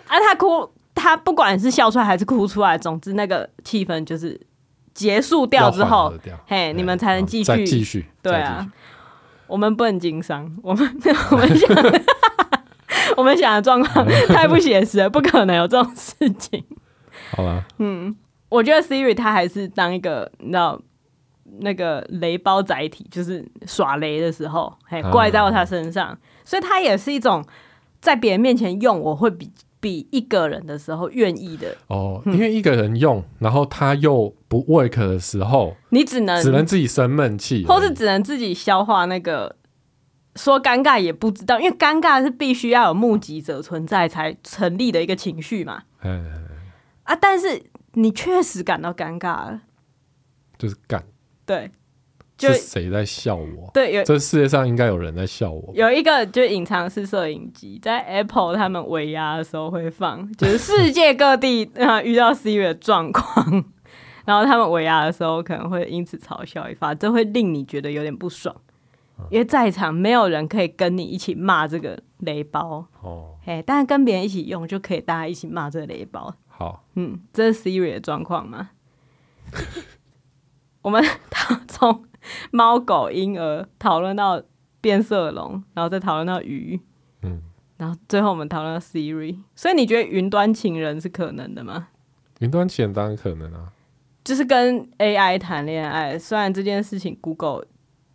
啊，他哭，他不管是笑出來還是哭出來，總之那個氣氛就是結束掉之後，嘿、Hey，你們才能繼續繼續、啊、續，對啊，我們不能經商，我們我們想，我們想的狀況 太不現實了，不可能有這種事情。 好了，嗯，我覺得 Siri 他還是當一個，你知道。那個雷包載體就是耍雷的時候，哎，怪在他身上、啊，所以他也是一種在別人面前用，我會比比一個人的時候願意的。哦，因為一個人用、嗯，然後他又不 work 的時候，你只能只能自己生悶氣，或是只能自己消化那個。說尷尬也不知道，因為尷尬是必須要有目擊者存在才成立的一個情緒嘛、嗯。啊，但是你確實感到尷尬了，就是感。對，就是誰在笑我？對，有這世界上應該有人在笑我。有一個就隱藏式攝影機，在 Apple 他們尾牙的時候會放,就是世界各地啊 遇到 Siri 的狀況，然後他們尾牙的時候可能會因此嘲笑一發，這會令你覺得有點不爽，嗯、因為在場沒有人可以跟你一起罵這個雷包哦。哎，但是跟別人一起用就可以大家一起罵這個雷包。好，嗯，這是 Siri 的狀況嗎？ 我們從貓狗嬰兒討論到變色龍，然後再討論到魚，嗯，然後最後我們討論到 Siri。所以你覺得雲端情人是可能的嗎？雲端情人當然可能啊，就是跟 AI 談戀愛。雖然這件事情，Google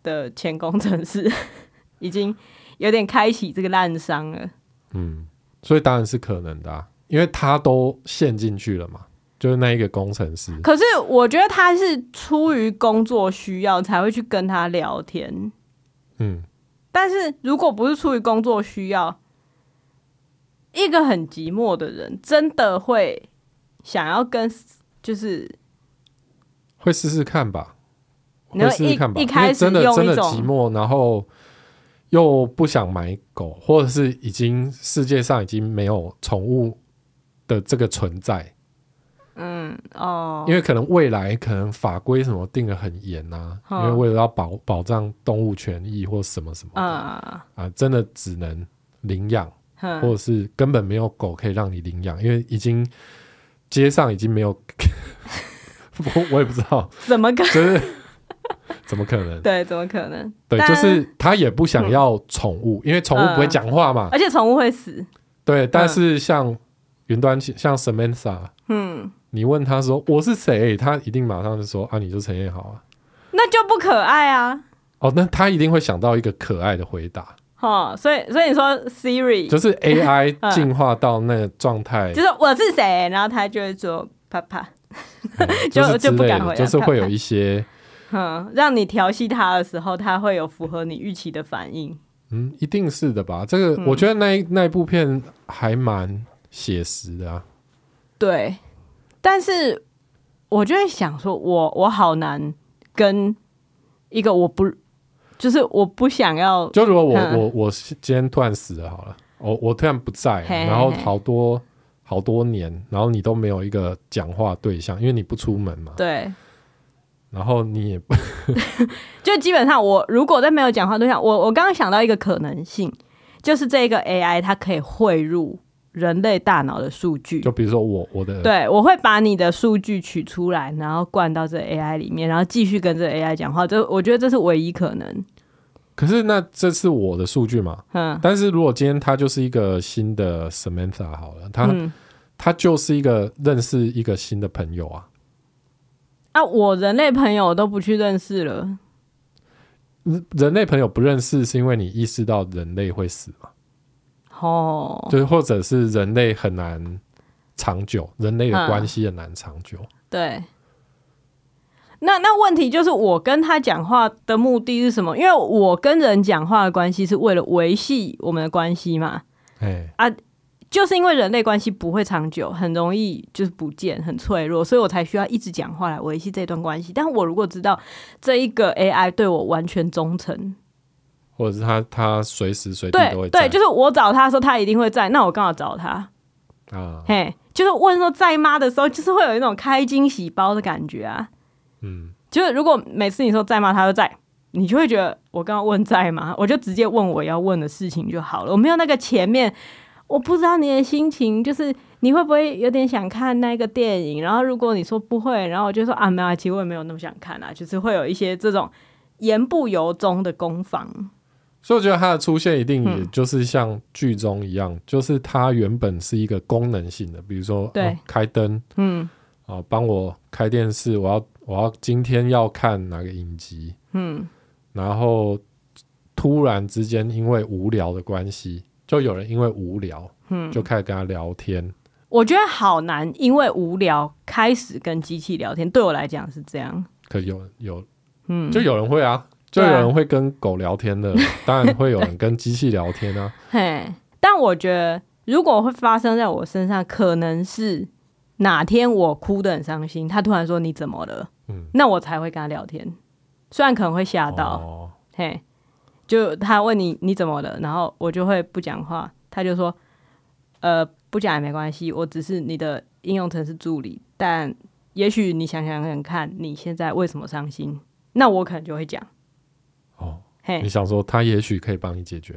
的前工程師 已經有點開啟這個濫觴了。嗯，所以當然是可能的啊，因為他都陷進去了嘛。就是那一個工程師。可是我覺得他是出於工作需要才會去跟他聊天。嗯，但是如果不是出於工作需要，一個很寂寞的人真的會想要跟，就是會試試看吧，會試試看吧，因為真的真的寂寞，然後又不想買狗，或者是已經世界上已經沒有寵物的這個存在。嗯哦，因為可能未來可能法規什麼定得很嚴啊、嗯、因為為了要保保障動物權益或什麼什麼、嗯，啊真的只能領養、嗯，或者是根本沒有狗可以讓你領養，因為已經街上已經沒有， 我也不知道，怎麼可能、就是？怎麼可能？對，怎麼可能？對，就是他也不想要寵物、嗯，因為寵物不會講話嘛，嗯、而且寵物會死。對，但是像雲端像 Samantha，嗯。你問他說我是誰、欸，他一定馬上就說啊，你就陳彥豪啊，那就不可愛啊。哦，那他一定會想到一個可愛的回答。哦，所以所以你說 Siri 就是 AI 進化到那個狀態、 嗯，就是我是誰，然後他就會說啪啪，就就不敢回，就是會有一些嗯，讓你調戲他的時候，他會有符合你預期的反應。嗯，一定是的吧？這個我覺得那那一部片還蠻寫實的啊。對。但是，我就會想，說我我好難跟一個我不，就是我不想要。就如果我呵呵我我今天突然死了好了，我我突然不在嘿嘿嘿，然後好多好多年，然後你都沒有一個講話對象，因為你不出門嘛。對。然後你也不， 就基本上我如果再沒有講話對象，我我剛剛想到一個可能性，就是這個 AI 它可以匯入。人類大腦的數據，就比如說我我的，對我會把你的數據取出來，然後灌到這 AI 裡面，然後繼續跟這 AI 講話。這我覺得這是唯一可能。可是那這是我的數據嘛？嗯。但是如果今天他就是一個新的 Samantha 好了，他、嗯、他就是一個認識一個新的朋友啊。啊，我人類朋友都不去認識了。人類朋友不認識是因為你意識到人類會死嗎？哦，就是，或者是人類很難長久，人類的關係很難長久。嗯、對，那那問題就是我跟他講話的目的是什麼？因為我跟人講話的關係是為了維繫我們的關係嘛、嗯。啊，就是因為人類關係不會長久，很容易就是不見，很脆弱，所以我才需要一直講話來維繫這段關係。但我如果知道這一個 AI 對我完全忠誠。或者是他他隨時隨地都會在，對。對，就是我找他的時候，他一定會在，那我剛好找他啊，嘿、hey，就是問說在嗎的時候，就是會有一種開驚喜包的感覺啊，嗯，就是如果每次你說在嗎，他都在，你就會覺得我剛剛問在嗎，我就直接問我要問的事情就好了，我沒有那個前面，我不知道你的心情，就是你會不會有點想看那個電影，然後如果你說不會，然後我就說啊沒有啊，其實我也沒有那麼想看啊，就是會有一些這種言不由衷的攻防。所以我覺得它的出現一定也就是像劇中一樣，嗯、就是它原本是一個功能性的，比如說對、啊、開燈，嗯，哦、啊，幫我開電視，我要我要今天要看哪個影集，嗯，然後突然之間因為無聊的關係，就有人因為無聊，嗯，就開始跟他聊天。我覺得好難，因為無聊開始跟機器聊天，對我來講是這樣。可有有，嗯，就有人會啊。就有人會跟狗聊天的，當然會有人跟機器聊天啊。 嘿，但我覺得如果會發生在我身上，可能是哪天我哭得很傷心，他突然說“你怎麼了？”嗯，那我才會跟他聊天。雖然可能會嚇到、哦，嘿，就他問你“你怎麼了？”然後我就會不講話。他就說：“呃，不講也沒關係，我只是你的應用程式助理。但也許你想想想看看，你現在為什麼傷心？那我可能就會講。” Hey, 你想說他也許可以幫你解決，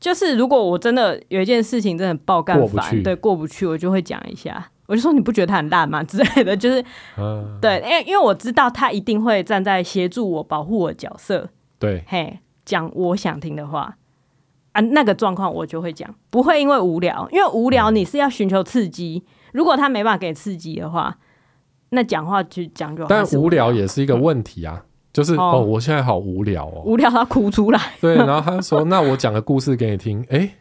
就是如果我真的有一件事情真的爆肝過不去，對，過不去我就會講一下。我就說，你不覺得他很爛嗎？之類的就是，啊、對，因為因為我知道他一定會站在協助我、保護我角色。對，嘿，講我想聽的話啊，那個狀況我就會講，不會因為無聊，因為無聊你是要尋求刺激、嗯。如果他沒辦法給刺激的話，那講話就講就好。但無聊也是一個問題啊。嗯就是、oh, 哦，我現在好無聊哦。無聊到哭出來。對，然後他就說：“ 那我講個故事給你聽。欸”哎，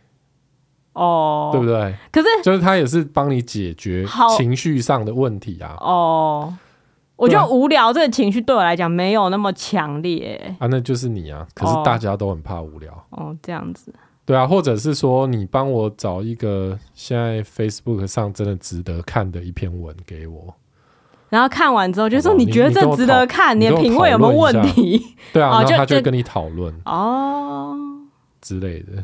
哦，對不對？可是就是他也是幫你解決情緒上的問題啊。哦、oh, 啊，我覺得無聊這個情緒對我來講沒有那麼強烈。欸，啊，那就是你啊。可是大家都很怕無聊。哦、oh, oh,，這樣子。對啊，或者是說你幫我找一個現在 Facebook 上真的值得看的一篇文給我。然後看完之後就是、說：“你覺得這值得看？哦，你，你，你的品味有沒有問題？”對啊，哦，然後他就會跟你討論哦之類的，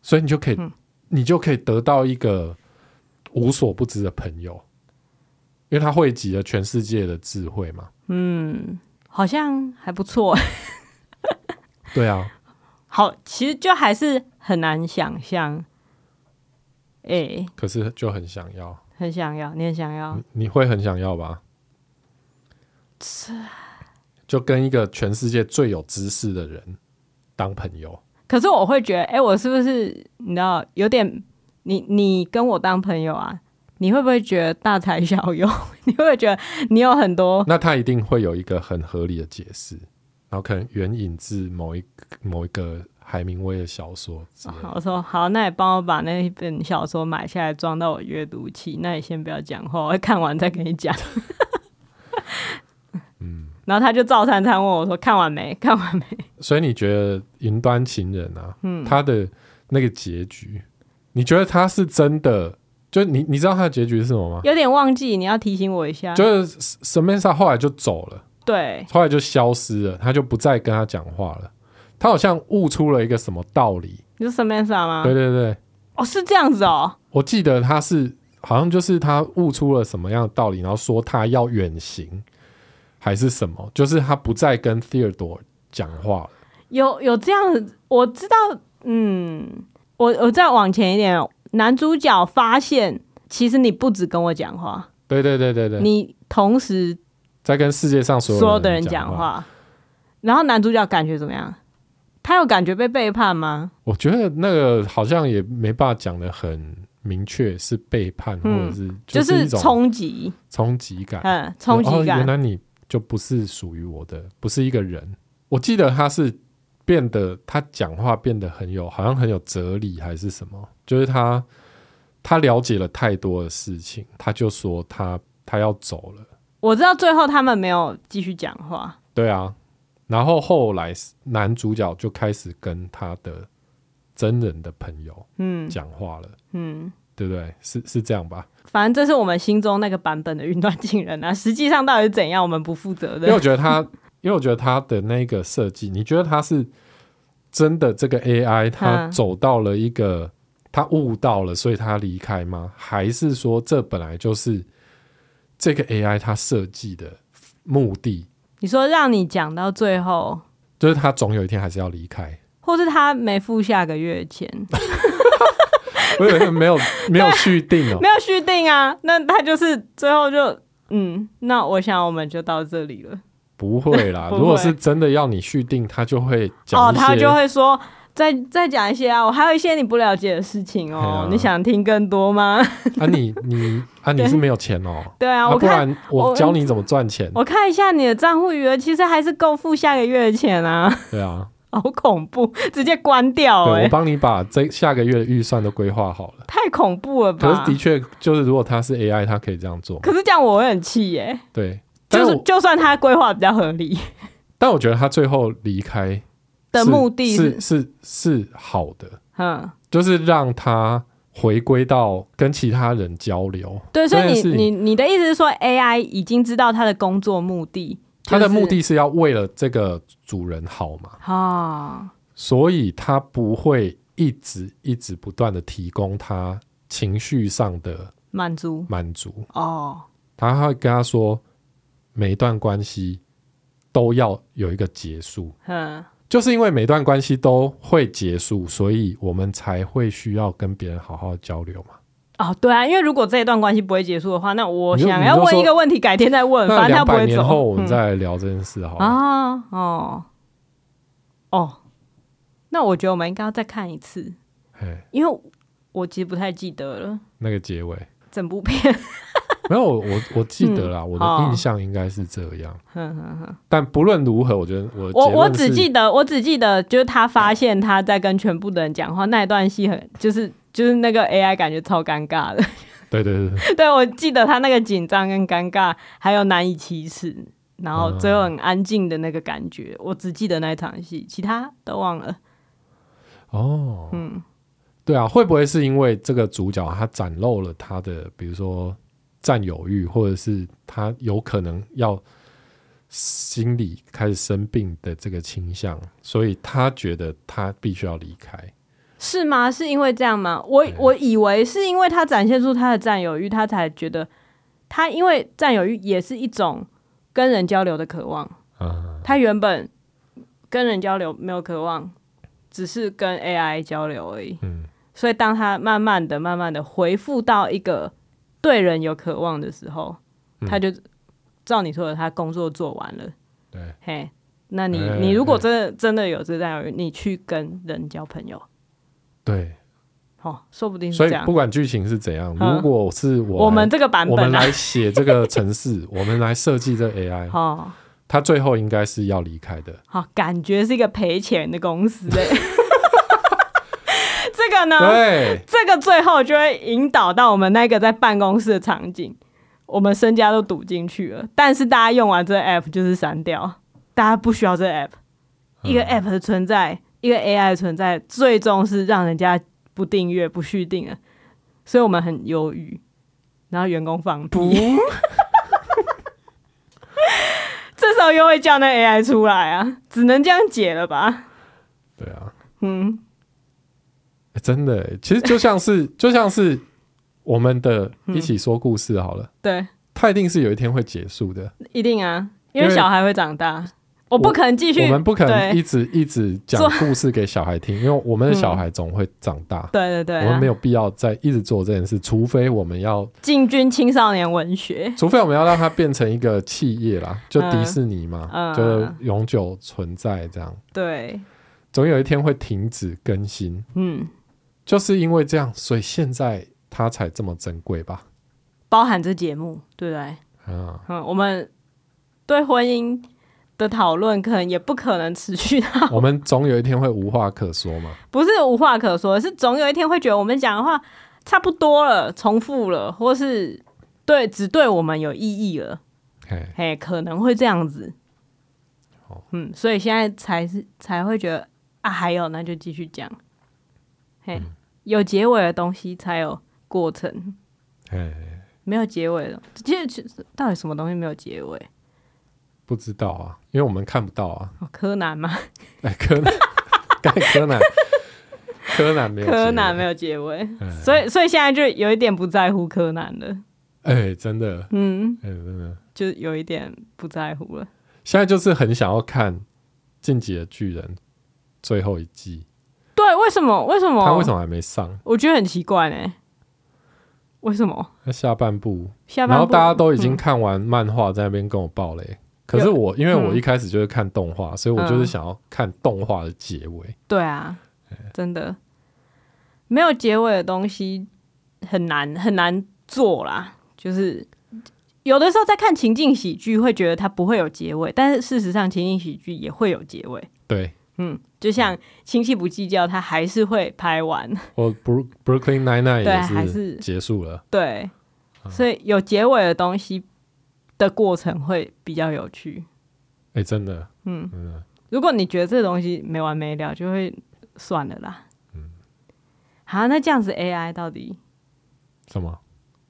所以你就可以、嗯，你就可以得到一個無所不知的朋友，因為他匯集了全世界的智慧嘛。嗯，好像還不錯。 對啊，好，其實就還是很難想象。哎，欸，可是就很想要。很想要，你很想要，你,你會很想要吧？就跟一個全世界最有知識的人當朋友。可是我會覺得，哎、欸，我是不是你知道有點你你跟我當朋友啊？你會不會覺得大材小用？ 你會不會覺得你有很多？那他一定會有一個很合理的解釋，然後可能援引自某一某一個。海明威的小說的、哦，我說好，那你幫我把那一本小說買下來，裝到我閱讀器。那你先不要講話，我看完再跟你講。 嗯，然後他就照三餐問我說：“看完沒？看完沒？”所以你覺得《雲端情人》啊，嗯，他的那個結局，你覺得他是真的？就你你知道他的結局是什麼嗎？有點忘記，你要提醒我一下。就是 Samantha 後來就走了，對，後來就消失了，他就不再跟他講話了。他好像悟出了一個什麼道理？你說什麼意思啊嗎？對對對，哦，是這樣子哦。我，我記得他是好像就是他悟出了什麼樣的道理，然後說他要遠行，還是什麼？就是他不再跟 Theodore 講話了。有有這樣，我知道。嗯，我我再往前一點，男主角發現其實你不止跟我講話，對對對對對，你同時在跟世界上所有的人講話，講話然後男主角感覺怎麼樣？他有感覺被背叛嗎？我覺得那個好像也沒辦法講的很明確，是背叛、嗯，或者是就是一種，就是衝擊、衝擊感。嗯，衝擊感。哦，原來你就不是屬於我的，不是一個人。我記得他是變得，他講話變得很有，好像很有哲理，還是什麼？就是他，他了解了太多的事情，他就說他他要走了。我知道最後他們沒有繼續講話。對啊。然後後來，男主角就開始跟他的真人的朋友，嗯，講話了嗯，嗯，對不對？是是這樣吧？反正這是我們心中那個版本的雲端情人啊，實際上到底是怎樣，我們不負責的。因為我覺得他， 因為我覺得他的那個設計，你覺得他是真的這個 AI，他走到了一個他悟到了，所以他離開嗎？還是說這本來就是這個 AI 他設計的目的？你說讓你講到最後，就是他總有一天還是要離開，或是他沒付下個月錢。我 沒有沒有續訂哦，沒有續訂、喔、 啊，那他就是最後就嗯，那我想我們就到這裡了。 不會啦，如果是真的要你續訂，他就會講 哦，他就會說。再再講一些啊，我還有一些你不了解的事情喔啊。你想聽更多嗎？啊你，你你啊，你是沒有錢喔。對啊，我看我教你怎麼賺錢。我。我看一下你的賬戶餘額，其實還是夠付下個月的錢啊。對啊，好恐怖，直接關掉了欸。對，我幫你把這下個月的預算都規劃好了。太恐怖了吧？可是的確，就是如果他是 AI，他可以這樣做。可是這樣我會很氣耶。對，就是就算他規劃比較合理，但我覺得他最後離開。的目的是是是,是,是好的，嗯，就是讓他回歸到跟其他人交流。對，所以你你你的意思是說，AI 已經知道他的工作目的，就是、他的目的是要為了這個主人好嘛？啊、哦，所以他不會一直一直不斷的提供他情緒上的滿足滿足,滿足哦，他還他會跟他說，每一段關係都要有一個結束，嗯。就是因為每段關係都會結束，所以我們才會需要跟別人好好交流嘛。哦，對啊，因為如果這一段關係不會結束的話，那我想要問一個問題，改天再問。反正兩百年後我們再聊這件事啊，嗯，哦，哦，那我覺得我們應該要再看一次。因為我其實不太記得了那個結尾，整部片 沒有我，我記得啦，嗯、我的印象應該是這樣。哦、但不論如何，我覺得我我，我只記得，我只記得就是他發現他在跟全部的人講話、嗯、那一段戲，很就是就是那個 AI 感覺超尷尬的。對對對 對，對我記得他那個緊張跟尷尬，還有難以啟齒，然後最後很安靜的那個感覺、嗯，我只記得那一場戲，其他都忘了。哦，嗯，對啊，會不會是因為這個主角他展露了他的，比如說。佔有欲，或者是他有可能要心理開始生病的這個傾向，所以他覺得他必須要離開，是嗎？是因為這樣嗎？我我以為是因為他展現出他的佔有欲，他才覺得他因為佔有欲也是一種跟人交流的渴望、嗯。他原本跟人交流沒有渴望，只是跟 AI 交流而已。嗯、所以當他慢慢的、慢慢的回復到一個。對人有渴望的時候、嗯，他就照你說的，他工作做完了。對，嘿，那你欸欸你如果真的、欸、真的有這待遇，你去跟人交朋友。對，哦、說不定是這樣。所以不管劇情是怎樣，嗯、如果是我我們這個版本、啊、來寫這個程式， 我們來設計這個 AI 哦，他最後應該是要離開的。哦、感覺是一個賠錢的公司 對，這個最後就會引導到我們那個在辦公室的場景，我們身家都賭進去了，但是大家用完這個 app 就是刪掉，大家不需要這個 app，一個 app 的存在、嗯，一個 AI 的存在，最終是讓人家不訂閱不續訂了，所以我們很憂鬱，然後員工放毒，不 這時候又會叫那 AI 出來啊，只能這樣解了吧？對啊，嗯。真的、欸，其實就像是就像是我們的一起說故事好了。嗯、對，他一定是有一天會結束的，一定啊，因為小孩會長大，我不可能繼續，我們不可能一直一直講故事給小孩聽，因為我們的小孩總會長大。對對對，我們沒有必要再一直做這件事，除非我們要進軍青少年文學，除非我們要讓它變成一個企業啦，就迪士尼嘛，嗯、就是、永久存在這樣。對，總有一天會停止更新。嗯。就是因為這樣，所以現在它才這麼珍貴吧？包含這節目，對不對？啊。嗯，我們對婚姻的討論可能也不可能持續到，我們總有一天會無話可說嘛？不是無話可說，是總有一天會覺得我們講的話差不多了，重複了，或是對只對我們有意義了。嘿，嘿，可能會這樣子。哦。嗯，所以現在才是才會覺得啊，還有，那就繼續講。嘿。嗯有結尾的東西才有過程，哎、欸，沒有結尾了，就就到底什麼東西沒有結尾？不知道啊，因為我們看不到啊。柯南嗎？哎、欸，柯南， 柯南， 柯南沒有，柯南沒有結尾，欸，所以所以現在就有一點不在乎柯南了。哎、欸，真的，嗯，哎、欸，真的，就有一點不在乎了。現在就是很想要看《進擊的巨人》最後一季。對，為什麼？為什麼？他為什麼還沒上？我覺得很奇怪呢？為什麼？那下半部，然後大家都已經看完漫畫，在那邊跟我爆雷、嗯。可是我，因為我一開始就是看動畫、嗯，所以我就是想要看動畫的結尾。嗯、對啊對，真的，沒有結尾的東西很難很難做啦。就是有的時候在看情境喜劇，會覺得它不會有結尾，但是事實上情境喜劇也會有結尾。對。嗯，就像親戚不計較，他還是會拍完。或、oh, Brooklyn Nine-Nine 對，也是，還是結束了。對、嗯，所以有結尾的東西的過程會比較有趣。哎、欸，真的。嗯嗯，如果你覺得這個東西沒完沒了，就會算了啦。嗯，好、啊，那這樣子 AI 到底什麼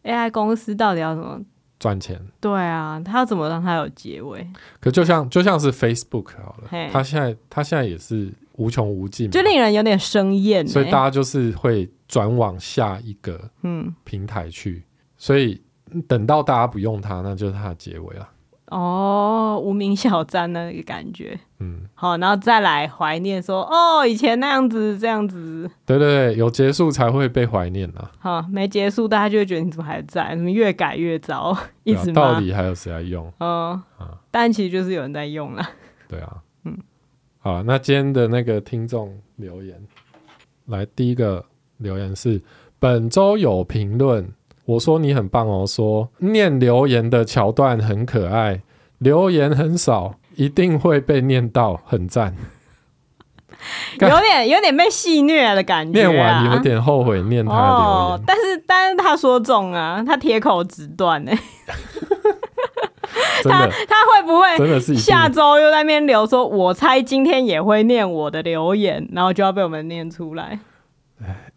？AI 公司到底要什麼？賺錢。對啊，他要怎麼讓他有結尾？可就像就像是 Facebook 好了 hey, 他現在他現在也是無窮無盡，就令人有點生厭、欸，所以大家就是會轉往下一個嗯平台去、嗯，所以等到大家不用它，那就是它的結尾了。哦，無名小站那個感覺，嗯，好、哦，然後再來懷念說，哦，以前那樣子這樣子，對對對，有結束才會被懷念吶。好、哦，沒結束大家就會覺得你怎麼還在？怎麼越改越糟，啊、一直到底還有誰在用？哦、啊，但其實就是有人在用了。對啊，嗯，好，那今天的那個聽眾留言，來第一個留言是本周有評論。我說你很棒哦，我說念留言的橋段很可愛，留言很少，一定會被念到，很讚。有點有點被戲虐的感覺、啊。念完有點後悔念他的、哦、但是但是他說中啊，他鐵口直斷呢、欸 他他會不會下周又在那邊留說， 我猜今天也會念我的留言，然後就要被我們念出來。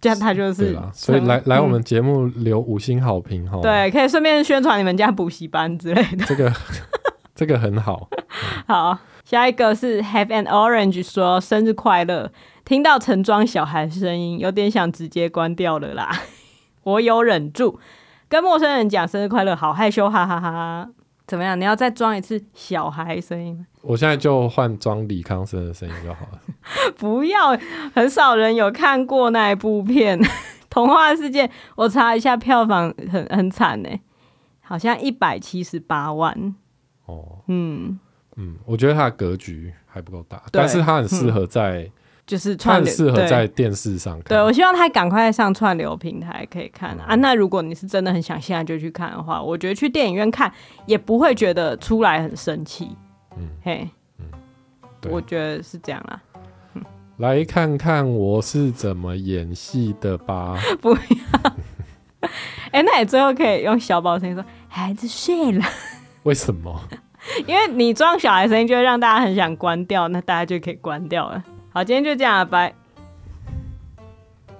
這樣他就是啦，所以來來我們節目留五星好評、嗯、對，可以順便宣傳你們家補習班之類的。這個這個很好 、嗯。好，下一個是 Have an Orange 說生日快樂，聽到陳莊小孩聲音，有點想直接關掉了啦，我有忍住，跟陌生人講生日快樂，好害羞，哈哈哈，哈。怎麼樣？你要再裝一次小孩聲音嗎？我現在就換裝李康生的聲音就好了 不要，很少人有看過那一部片《 童話世界》。我查一下票房很，很很慘呢，好像一百七十八萬。哦，嗯嗯，我覺得它的格局還不夠大，但是它很適合在、嗯。就是串流，適合在電視上看。對，對我希望他趕快上串流平台可以看啊、嗯、啊。那如果你是真的很想現在就去看的話，我覺得去電影院看也不會覺得出來很生氣。嗯，嘿、hey, 嗯，嗯，我覺得是這樣啦。嗯、來看看我是怎麼演戲的吧。 不要。哎、 欸，那也最後可以用小寶聲音說：“孩子睡了。 ”為什麼？ 因為你裝小孩聲音就會讓大家很想關掉，那大家就可以關掉了。好，今天就這樣了，拜。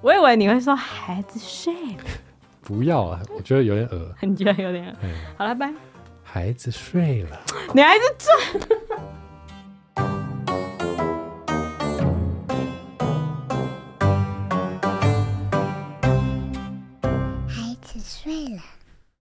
我以為你會說孩子睡了，不要啊。我覺得有點惡很 你覺得有點、嗯？好了，拜。孩子睡了， 你還在轉。